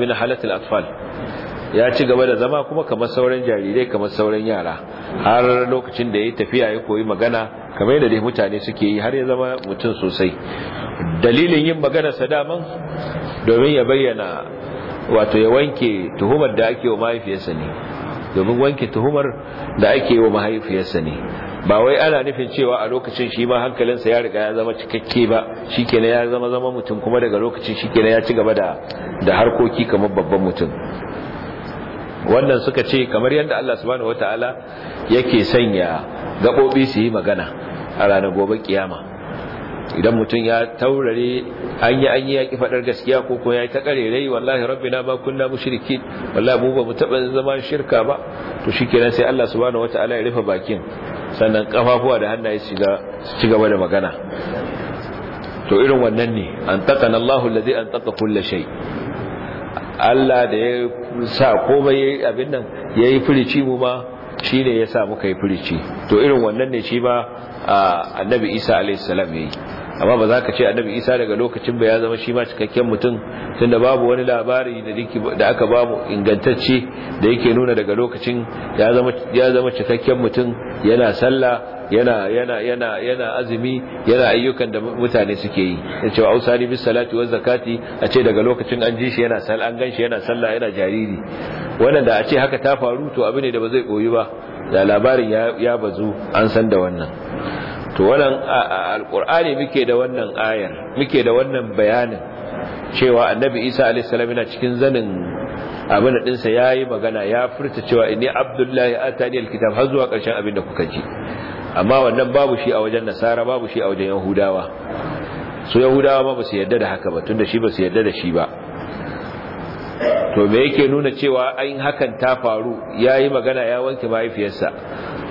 Speaker 1: min atfal ya ci gaba da zama kuma kamar sauran jarirai kamar sauran yara har lokacin da ya tafiya ya koyi magana kamar yadda dai mutane suke yi har ya zama mutum sosai dalilin yin magana sadaman domin ya bayyana wato ya wanke tuhumar da ake wa mahaifiyarsa ne domin wanke tuhumar da ake yi wa mahaifiyarsa ne ba wai ana nufin cewa a lokacin shi ma hankalinsa ya riga ya zama cikakke ba shi shikenan ya zama zama mutum kuma daga lokacin shi shikenan ya ci gaba da da harkoki kamar babban mutum wannan suka ce kamar yadda Allah subhanahu wataala yake sanya gabobi su yi magana a ranar gobe kiyama idan mutum ya taurare an yi an yi yaƙi faɗar gaskiya ko kuma ya yi ta rai wallahi na ma kunna mushriki wallahi mu ba mu taɓa zama shirka ba to shi kenan sai Allah subhanahu ta'ala ya rufe bakin sannan kafafuwa da hannaye su ci gaba da magana to irin wannan ne an na Allahu allazi an taqa kulli shay Allah da ya sa komai abin nan yayi firici mu ma shi ne ya sa muka yi firici to irin wannan ne shi ba annabi isa alaihissalam ya yi amma ba za ka ce annabi isa daga lokacin ba ya zama shi ma cikakken mutum da babu wani labari da aka bamu ingantacce da yake nuna daga lokacin ya zama cikakken mutum yana sallah yana azumi yana ayyukan da mutane suke yi yace wa ausari bis salati wani zakati a ce daga lokacin an ji shi yana sal an ganshi yana salla yana jariri wannan da a ce haka ta faru to abu ne da ba zai koyi ba da labarin ya bazu an san da wannan to wannan alqur'ani muke da wannan ayar muke da wannan bayanin cewa annabi isa alayhi salam yana cikin zanin abin da dinsa yayi magana ya furta cewa inni abdullahi atani alkitab har zuwa karshen abin da kuka ji amma wannan babu shi a wajen nasara babu shi a wajen yahudawa su yahudawa ma ba su yarda da haka ba tunda shi ba su yarda da shi ba to me yake nuna cewa ayin hakan ta faru yayi magana ya wanke mahaifiyarsa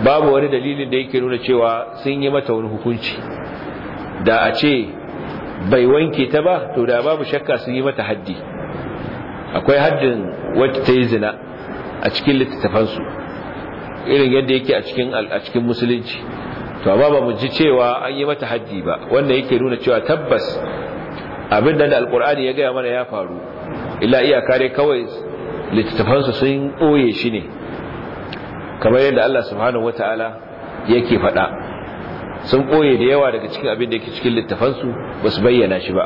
Speaker 1: babu wani dalilin da yake nuna cewa sun yi mata wani hukunci da a ce bai wanke ta ba to da babu shakka sun yi mata haddi akwai haddin wacce ta yi zina a cikin littattafansu irin yadda yake a cikin a cikin musulunci to amma ba mu ji cewa an yi mata haddi ba wanda yake nuna cewa tabbas abin da alkur'ani ya gaya mana ya faru illa iyaka dai kawai littattafansu sun ɓoye shi ne kamar yadda Allah subhanahu wata'ala yake faɗa sun ɓoye da yawa daga cikin abin da yake cikin littattafansu ba su bayyana shi ba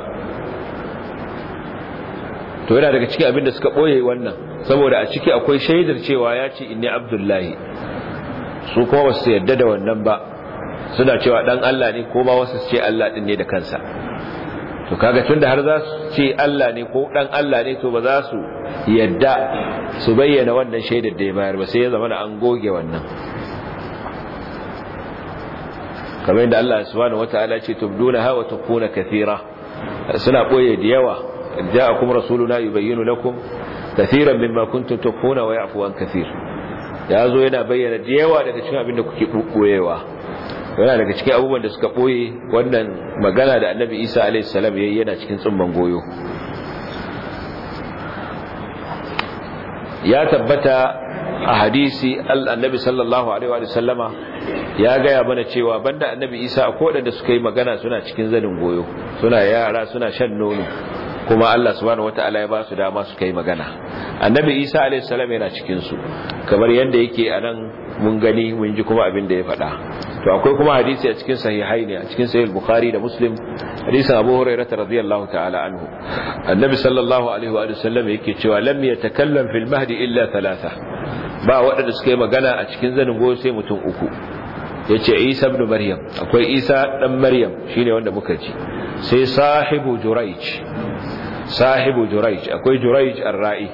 Speaker 1: to yana daga cikin abin da suka ɓoye wannan saboda a ciki akwai shaidar cewa ya ce inni abdullahi su kuma ba su yarda da wannan ba suna cewa ɗan Allah ne ko ba wasu ce Allah ɗin ne da kansa to kaga tunda har za su ce Allah ne ko dan Allah ne to ba za su yadda su bayyana wannan shaidar da ya bayar ba sai ya zama an goge wannan kamar yadda Allah subhanahu wataala ce tubduna hawa tukuna kathira suna boye da yawa ja'akum rasuluna yubayyinu lakum kathiran mimma kuntum tukuna wa ya'fu an kathir yazo yana bayyana da yawa daga cikin abin da kuke boyewa yana daga cikin abubuwan da suka boye wannan magana da annabi isa a.s. ya yi yana cikin tsumban goyo ya tabbata a hadisi annabi sallallahu alaihi wa sallama ya gaya mana cewa banda annabi isa a kowaɗanda suka yi magana suna cikin zanin goyo suna yara suna shan nono kuma Allah subhanahu wata'ala ya ba su dama suka yi magana annabi Isa alaihi salam yana cikin su kamar yadda yake a nan. mun gani mun ji kuma abin da ya faɗa to akwai kuma hadisi a cikin sahihai ne a cikin sahih bukhari da muslim hadisin abu hurairah radiyallahu ta'ala anhu annabi sallallahu alaihi wa sallam yake cewa lam yatakallam fil mahdi illa thalatha ba waɗanda suka yi magana a cikin zanin goyo sai mutum uku yace Isa ibn Maryam akwai Isa dan Maryam shine wanda muka ji sai sahibu Juraij sahibu Juraij akwai Juraij ar-Ra'i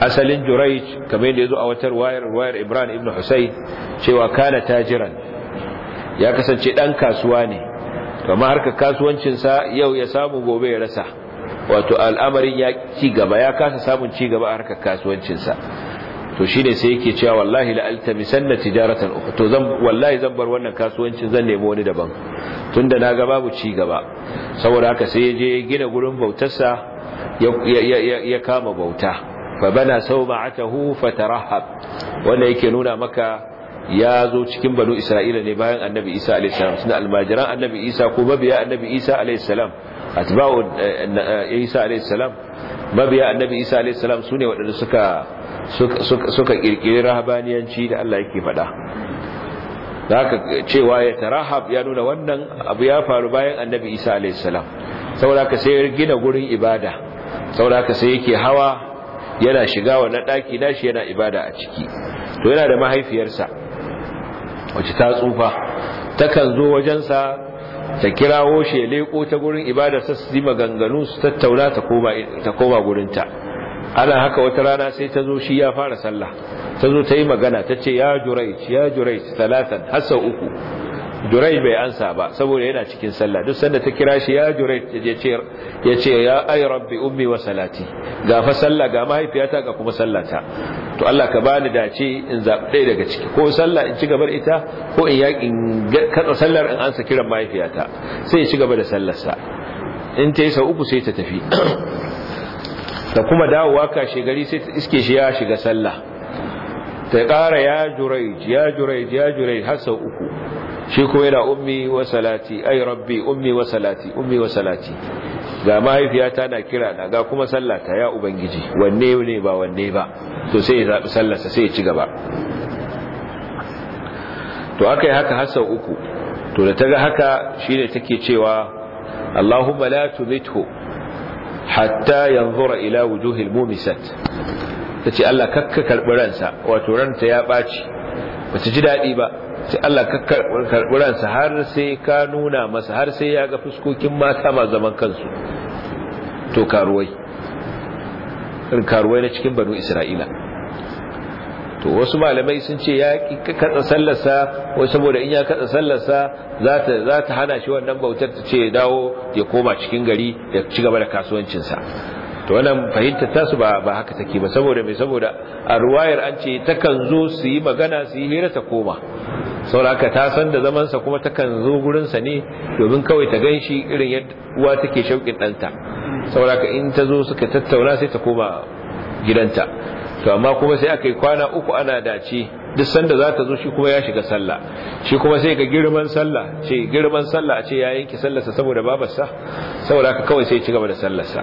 Speaker 1: asalin juraij kamar yadda ya zo a wata ruwayar ruwayar ibrahim ibn husayn cewa kana tajiran ya kasance dan kasuwa ne kamar harka kasuwancinsa yau ya samu gobe ya rasa wato al'amarin ya ci gaba ya kasa samun ci gaba a harkar kasuwancinsa to shine sai yake cewa wallahi la altamisanna tijaratan to zan wallahi zan bar wannan kasuwancin zan nemi wani daban tunda naga babu ci gaba saboda haka sai ya je gina gurin bautarsa ya kama bauta fa bana sauba'atahu fatarahab wanda yake nuna maka ya zo cikin banu isra'ila ne bayan annabi isa alayhi salam suna almajiran annabi isa ko mabiya annabi isa alayhi salam atba'u eh, isa alayhi salam mabiya annabi isa alayhi salam sune waɗanda suka suka kirkire rahabaniyanci da Allah yake faɗa zaka cewa ya tarahab ya nuna wannan abu ya faru bayan annabi isa alayhi salam saboda ka sai gina gurin ibada saboda ka sai yake hawa yana shiga wannan daki shi yana ibada a ciki to yana da mahaifiyarsa wacce ta tsufa takan zo wajensa ta kirawo shi ya leko ta gurin ibada sa su maganganu su tattauna ta koma gurinta ana haka wata rana sai ta zo shi ya fara sallah ta zo ta yi magana ta ce ya jurai ya jurai talatan hasa uku Jurai bai ansa ba saboda yana cikin sallah duk sanda ta kira shi ya durai ya ce ya ay rabbi ummi wa salati ga fa sallah ga mahaifiyata ga kuma sallata to Allah ka bani dace in zabi ɗaya daga ciki ko sallah in ci gaba da ita ko in ya in kada sallar in ansa kiran mahaifiyata sai ya ci gaba da sallarsa in ta yi sau uku sai ta tafi da kuma dawowa kashe gari sai ta iske shi ya shiga sallah ta ƙara ya jurai ya jurai ya jurai har sau uku shi yana ummi wa salati ai rabbi ummi wa salati ummi wa salati ga mahaifiyata na kira na ga kuma sallata ya ubangiji wanne ne ba wanne ba to sai ya zabi sallarsa sai ya ci gaba to yi haka sau uku to da taga haka shine take cewa Allahumma la tubithu hatta yanzura ila wujuhil mumisat ce Allah kakka karbi ransa wato ranta ya ɓaci bata ji daɗi ba sai Allah ka ransa har sai ka nuna masa har sai ya ga fuskokin mata ma zaman kansu to karuwai karuwai na cikin banu isra'ila to wasu malamai sun ce ya katsa sallarsa wai saboda in ya katsa sallarsa za ta hana shi wannan bautar ta ce dawo ya koma cikin gari ya ci gaba da kasuwancinsa to wannan fahimtar tasu ba ba haka take ba saboda mai saboda a ruwayar an ce ta kan zo su yi magana su yi hira ta koma sauraka ta san da zamansa kuma takan zo gurinsa ne domin kawai ta ganshi irin yadda uwa take shauƙin ɗanta sauraka in ta zo suka tattauna sai ta koma gidanta to amma kuma sai aka yi kwana uku ana dace duk sanda za ta zo shi kuma ya shiga sallah shi kuma sai ga girman sallah ce girman sallah a ce ya yanke sallarsa saboda babarsa saboda haka kawai sai ya ci gaba da sallarsa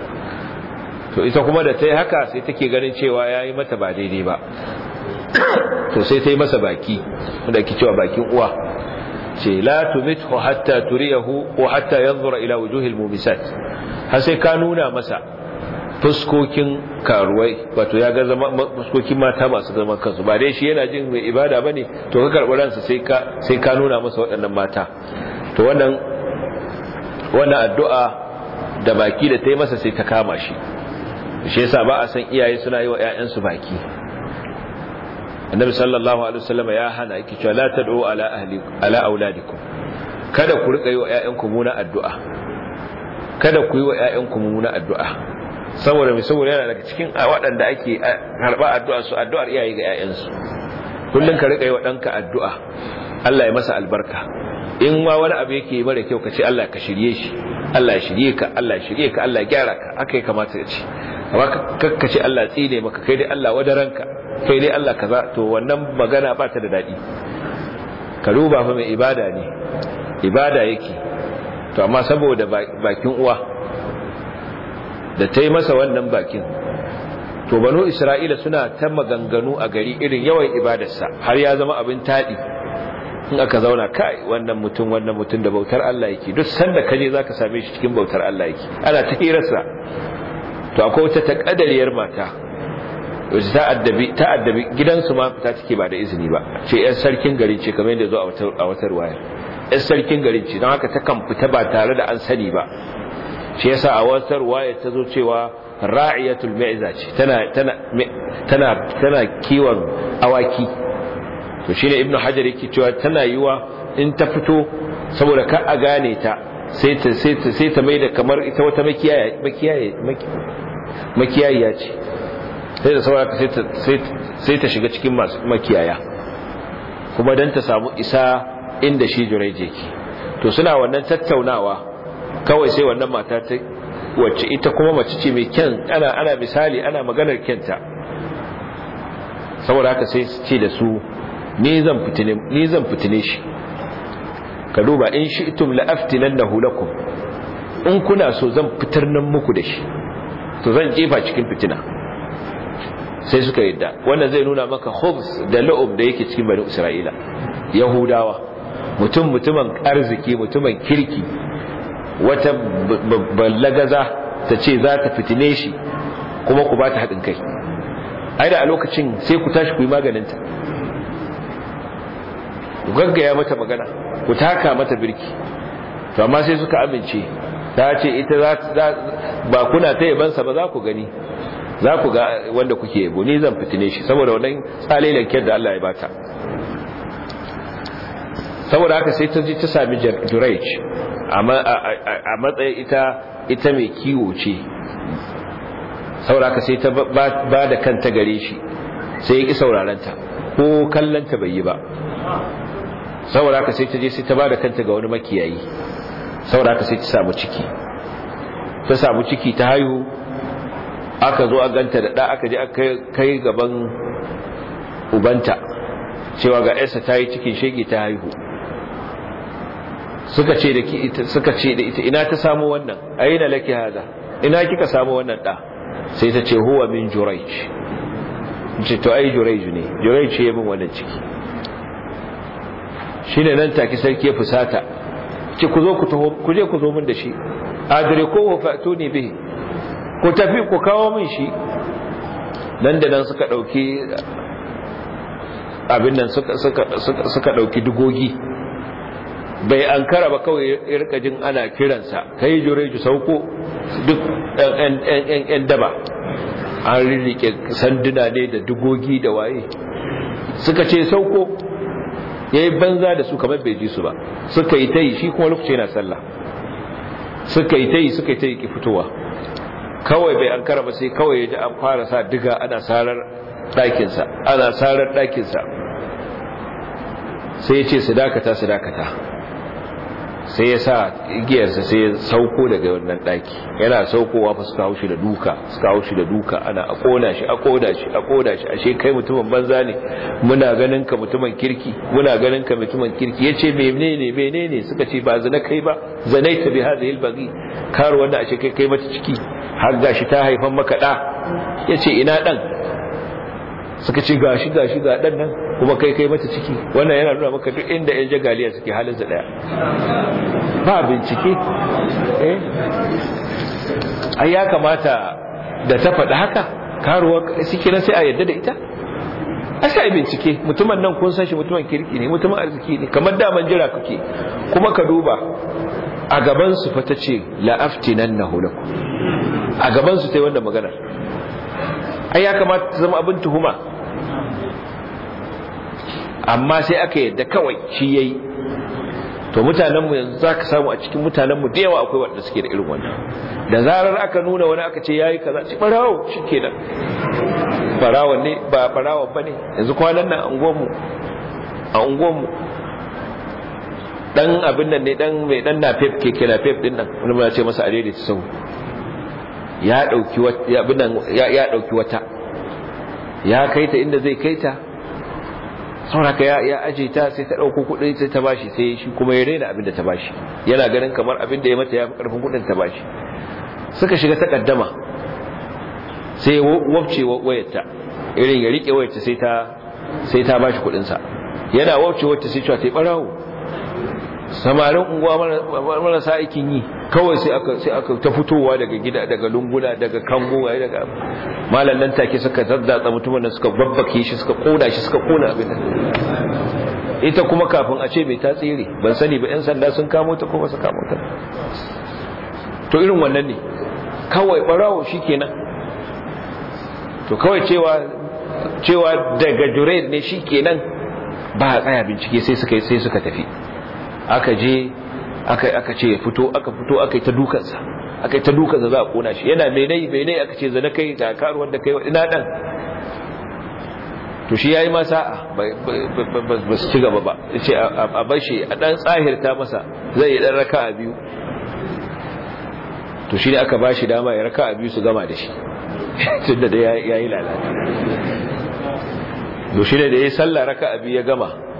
Speaker 1: to ita kuma da ta yi haka sai take ganin cewa ya yi mata ba daidai ba to sai ta yi masa baki wanda ake cewa bakin uwa ce la tumithu hatta turiyahu ko hatta yanzura ila wujuhil mumisat har sai ka nuna masa fuskokin karuwai wato ya ga zama fuskokin mata masu zaman kansu ba dai shi yana jin mai ibada bane to ka karɓi ransa sai ka sai ka nuna masa waɗannan mata to wannan wannan addu'a da baki da ta yi masa sai ta kama shi shi yasa ba a san iyaye suna yi wa 'ya'yansu baki annabi sallallahu alaihi wasallam ya hana yake cewa la tad'u ala ahli ala auladikum kada ku rika yi wa ƴaƴanku muna addu'a kada ku yi wa ƴaƴanku muna addu'a saboda mai saboda yana daga cikin waɗanda ake harba addu'a su addu'ar iyaye ga ƴaƴansu kullun ka rika yi wa ɗanka addu'a Allah ya masa albarka in ma wani abu yake mara kyau ka ce Allah ka shirye shi Allah ya shirye ka Allah ya shirye ka Allah ya gyara ka haka kamata ya ce amma ka ce Allah tsine maka kai dai Allah wadaranka kai dai Allah kaza to wannan magana ba ta da daɗi. ka duba fa mai ibada ne ibada yake to amma saboda bakin uwa da ta yi masa wannan bakin to banu isra'ila suna ta maganganu a gari irin yawan ibadarsa har ya zama abin taɗi in aka zauna kai wannan mutum wannan mutum da bautar Allah yake duk sanda ka je zaka same shi cikin bautar Allah yake ana ta hirarsa to akwai wata taƙadariyar mata wace ta addabi gidansu ma fita cike ba da izini ba ce yan sarkin gari ce kamar yadda zo a wata ruwayar yan sarkin gari ce don haka takan fita ba tare da an sani ba ce yasa a wata ruwayar ta zo cewa ra'ayatul ma'iza ce tana tana kiwon awaki to shi ne ibnu hajar yake cewa tana yi wa in ta fito saboda ka a gane ta sai ta mai da kamar ita wata makiyaye ce sai da sauraka sai ta shiga cikin makiyaya kuma don ta samu isa inda shi jirai jeki to suna wannan tattaunawa kawai sai wannan mata ta wacce ita kuma mace ce mai kyan ana misali ana maganar kyanta saboda haka sai ce da su ni zan fitine shi ka duba in shi la'afti nan da hulakun in kuna so zan fitar nan muku da shi to zan jefa cikin fitina sai suka yadda wannan zai nuna maka khubs da lu'ub da yake cikin bani isra'ila yahudawa mutum mutumin arziki mutumin kirki wata ballagaza ta ce za ta fitine shi kuma ku ba ta haɗin kai ai da a lokacin sai ku tashi ku yi maganinta ku gaggaya mata magana ku taka mata birki to amma sai suka amince ta ce ita za ba kuna ta yabansa ba za ku gani za ku ga wanda kuke yabo ni zan fitine shi saboda wannan tsalilan kyar da Allah ya bata saboda haka sai ta ji ta sami amma a matsayin ita ita mai kiwo ce saboda haka sai ta ba da kanta gare shi sai ya ki saurarenta ko kallanta bai yi ba saboda haka sai ta je sai ta ba da kanta ga wani makiyayi saboda haka sai ta samu ciki ta samu ciki ta haihu aka zo a ganta da ɗa aka je aka kai gaban ubanta cewa ga yarsa ta yi cikin shege ta haihu suka ce da ita ina ta samu wannan na laki haza ina kika samu wannan ɗa sai ta ce huwa min juraic ce to ai juraic ne juraic ya min wannan ciki shi ne nan take sarki ya fusata ce ku zo ku taho ku je ku zo min da shi adire ko wa fa'tuni bihi ku tafi ku kawo min shi nan da nan suka ɗauki abin nan suka ɗauki dugogi bai an kara ba kawai ya rika jin ana kiransa kai jure ju sauko duk yan daba an rirrike sanduna ne da dugogi da waye suka ce sauko ya yi banza da su kamar bai ji su ba suka yi ta yi shi kuma lokaci yana sallah suka yi ta yi suka yi ta yi ki fitowa kawai bai kara ba sai kawai ya ji an fara sa diga ana sarar ɗakinsa ana sarar ɗakinsa sai ya ce su dakata su dakata sai ya sa igiyarsa sai ya sauko daga wannan daki yana saukowa fa suka haushi da duka suka haushi da duka ana a kona shi a koda shi a koda shi ashe kai mutumin banza ne muna ganin ka mutumin kirki muna ganin ka mutumin kirki yace menene menene suka ce ba zina kai ba zanaita bi hadhihi albaghi kar wannan ashe kai kai mata ciki har gashi ta haifan maka da yace ina dan suka ce ga shi ga shi ga dan nan kuma kai kai mata ciki wannan yana nuna maka duk inda yan jagaliya suke halin su daya ba bincike eh ai ya kamata da ta faɗi haka karuwa suke na sai a yadda da ita a sai bincike mutumin nan kun san shi mutumin kirki ne mutumin arziki ne kamar daman jira kuke kuma ka duba a gaban su fa ta ce la'aftinannahu lakum a gaban su ta yi wannan magana ai ya kamata ta zama abin tuhuma amma sai aka yadda kawai shi yayi to mutanenmu yanzu za ka samu a cikin mutanenmu da yawa akwai waɗanda suke da irin wannan da zarar aka nuna wani aka ce yayi kaza Ci barawo shi ke nan barawon ne ba barawon ba ne yanzu kwanan nan unguwanmu a unguwanmu dan abin nan ne dan mai dan na pep ke na pep din nan wani ma ce masa daidai ta sau ya dauki wata ya dauki wata ya kai ta inda zai kai ta sauraka ya aje ta sai ta ɗauko kuɗi sai ta bashi sai shi kuma ya raina abinda da ta bashi yana ganin kamar abin da ya mata ya fi ƙarfin kuɗin ta bashi suka shiga ta takaddama sai wabce wayarta irin ya rike wayarta sai ta sai bashi kuɗinsa yana wabce wayarta sai cewa ta yi ɓarawo samarin unguwa marasa aikin yi kawai sai aka sai aka ta fitowa daga gida daga lunguna daga kango ai daga malallan nan take suka zaddatsa mutumin da suka babbake shi suka koda shi suka kona abin da. ita kuma kafin a ce mai ta tsere, ban sani ba yan sanda sun kamo ta kuma su kamo ta to irin wannan ne kawai barawo kenan to kawai cewa cewa daga jure ne shi kenan ba a tsaya bincike sai suka sai suka tafi aka je aka aka ce fito aka fito aka ta dukansa aka ta dukansa za a kona shi yana menai menai aka ce zana kai da karuwar da kai ina dan to shi yayi ma sa'a ba su ci gaba ba ce a bar shi a dan tsahirta masa zai yi dan raka'a biyu to shi ne aka bashi dama ya raka'a biyu su gama da shi tunda da yayi lalata to shi ne da yayi sallah raka'a biyu ya gama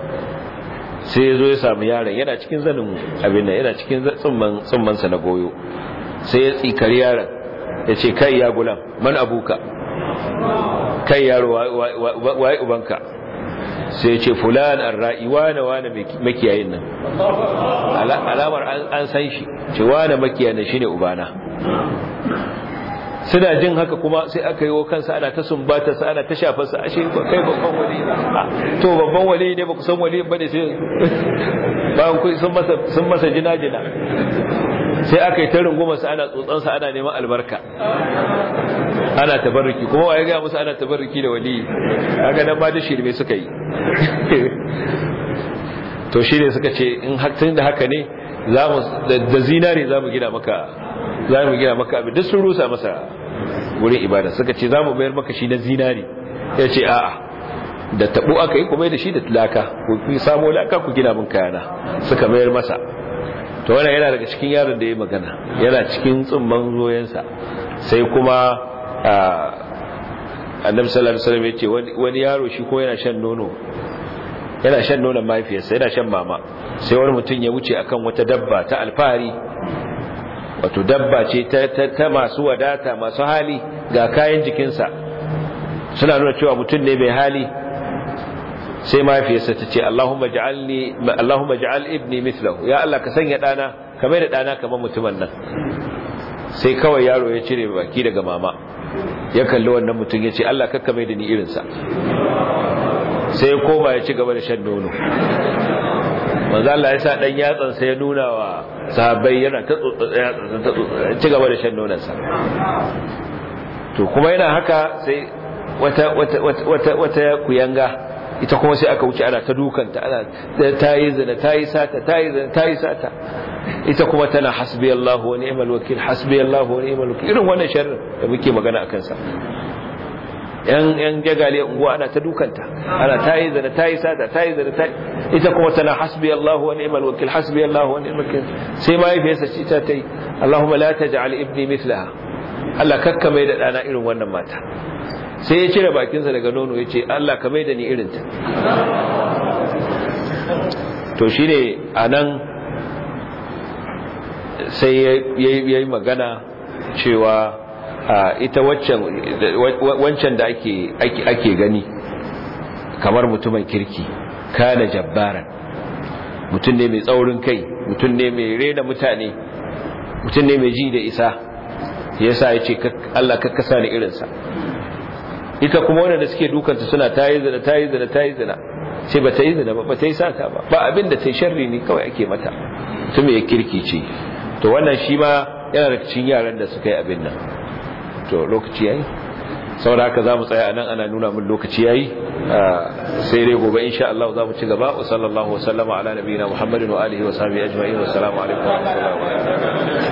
Speaker 1: sai ya zo ya samu yaron yana cikin zanin abin nan yana cikin tsumman sa na goyo sai ya tsikari yaron ya ce kai ya gulam man abuka kai yaro waye ubanka sai ya ce fulan ra'i wane wane makiyayin nan alamar an san shi ce wane makiyayin ne ubana suna jin haka kuma sai aka yi kansa ana ta sumbata sa ana ta shafa sa ashe kai babban wali ah, to babban wali ne ba ku san wali ba ne sai bayan ku sun masa sun masa jina jina sai aka yi ta goma sa ana tsotsan sa ana neman albarka ana tabarruki kuma waye ga musu ana tabarruki da wali kaga nan ba da shirme suka yi to shi ne suka ce in har tun da haka ne za mu da zinare za mu gina maka za mu gina maka abin duk sun rusa masa wurin ibada suka ce za mu bayar maka shi na zinari ya ce a'a da tabo aka yi kuma da shi da laka ku samo laka ku gina min kayana suka bayar masa to wannan yana daga cikin yaron da ya magana yana cikin tsumman zoyensa sai kuma annabi sallallahu alaihi wasallam ya ce wani yaro shi ko yana shan nono yana shan nonon mafiyarsa yana shan mama sai wani mutum ya wuce akan wata dabba ta alfahari wato dabba ce ta masu wadata masu hali ga kayan jikinsa suna nuna cewa mutum ne mai hali sai mahaifiyarsa ta ce Allahumma ja'al ibni mithlahu ya Allah ka sanya dana kamar da dana kamar mutumin nan sai kawai yaro ya cire baki daga mama ya kalli wannan mutum ya ce Allah kakka mai da ni irinsa sai ya koma ya ci gaba da shan nono manzo Allah ya sa dan yatsan sai ya nuna wa sahabbai yana ta ci gaba da shan nonansa to kuma yana haka sai wata wata wata kuyanga ita kuma sai aka wuce ana ta dukanta ana ta yi zina ta yi sata ta yi zina ta yi sata ita kuma tana hasbi Allah wa ni'mal wakil hasbi Allah wa ni'mal wakil irin wannan sharri da muke magana akan sa yan yan jagale unguwa ana ta dukanta ana yi zana tayi sata tayi zana tayi ita kuma tana hasbi Allah wa ni'mal wakil hasbi Allah wa ni'mal wakil sai mahaifiyarsa ce ta yi. Allahumma la taj'al ibni mithlaha Allah kakka mai da dana irin wannan mata sai ya cire bakinsa daga nono ya ce Allah ka mai da ni irinta to shi ne a nan sai ya yi magana cewa ita wancan da ake gani kamar mutumin kirki kana jabbaran mutum ne mai tsaurin kai mutum ne mai rena mutane mutum ne mai ji da isa yasa ya ce Allah kakkasa ni irinsa ita kuma wanda suke dukanta suna ta yi zina ta yi zina ta yi zina sai ba ta yi zina ba ba ta yi sata ba ba abin da ta yi sharri ne kawai ake mata mutum ya kirki ce to wannan shi ma yana da cikin yaran da suka yi abin nan to lokaci yayi saboda haka zamu tsaya anan ana nuna mun lokaci yayi ah, sai dai gobe insha Allah zamu ci gaba wa sallallahu wa ala nabiyina Muhammadin wa alihi wa sahbihi ajma'in wa assalamu alaikum wa rahmatullahi wa barakatuh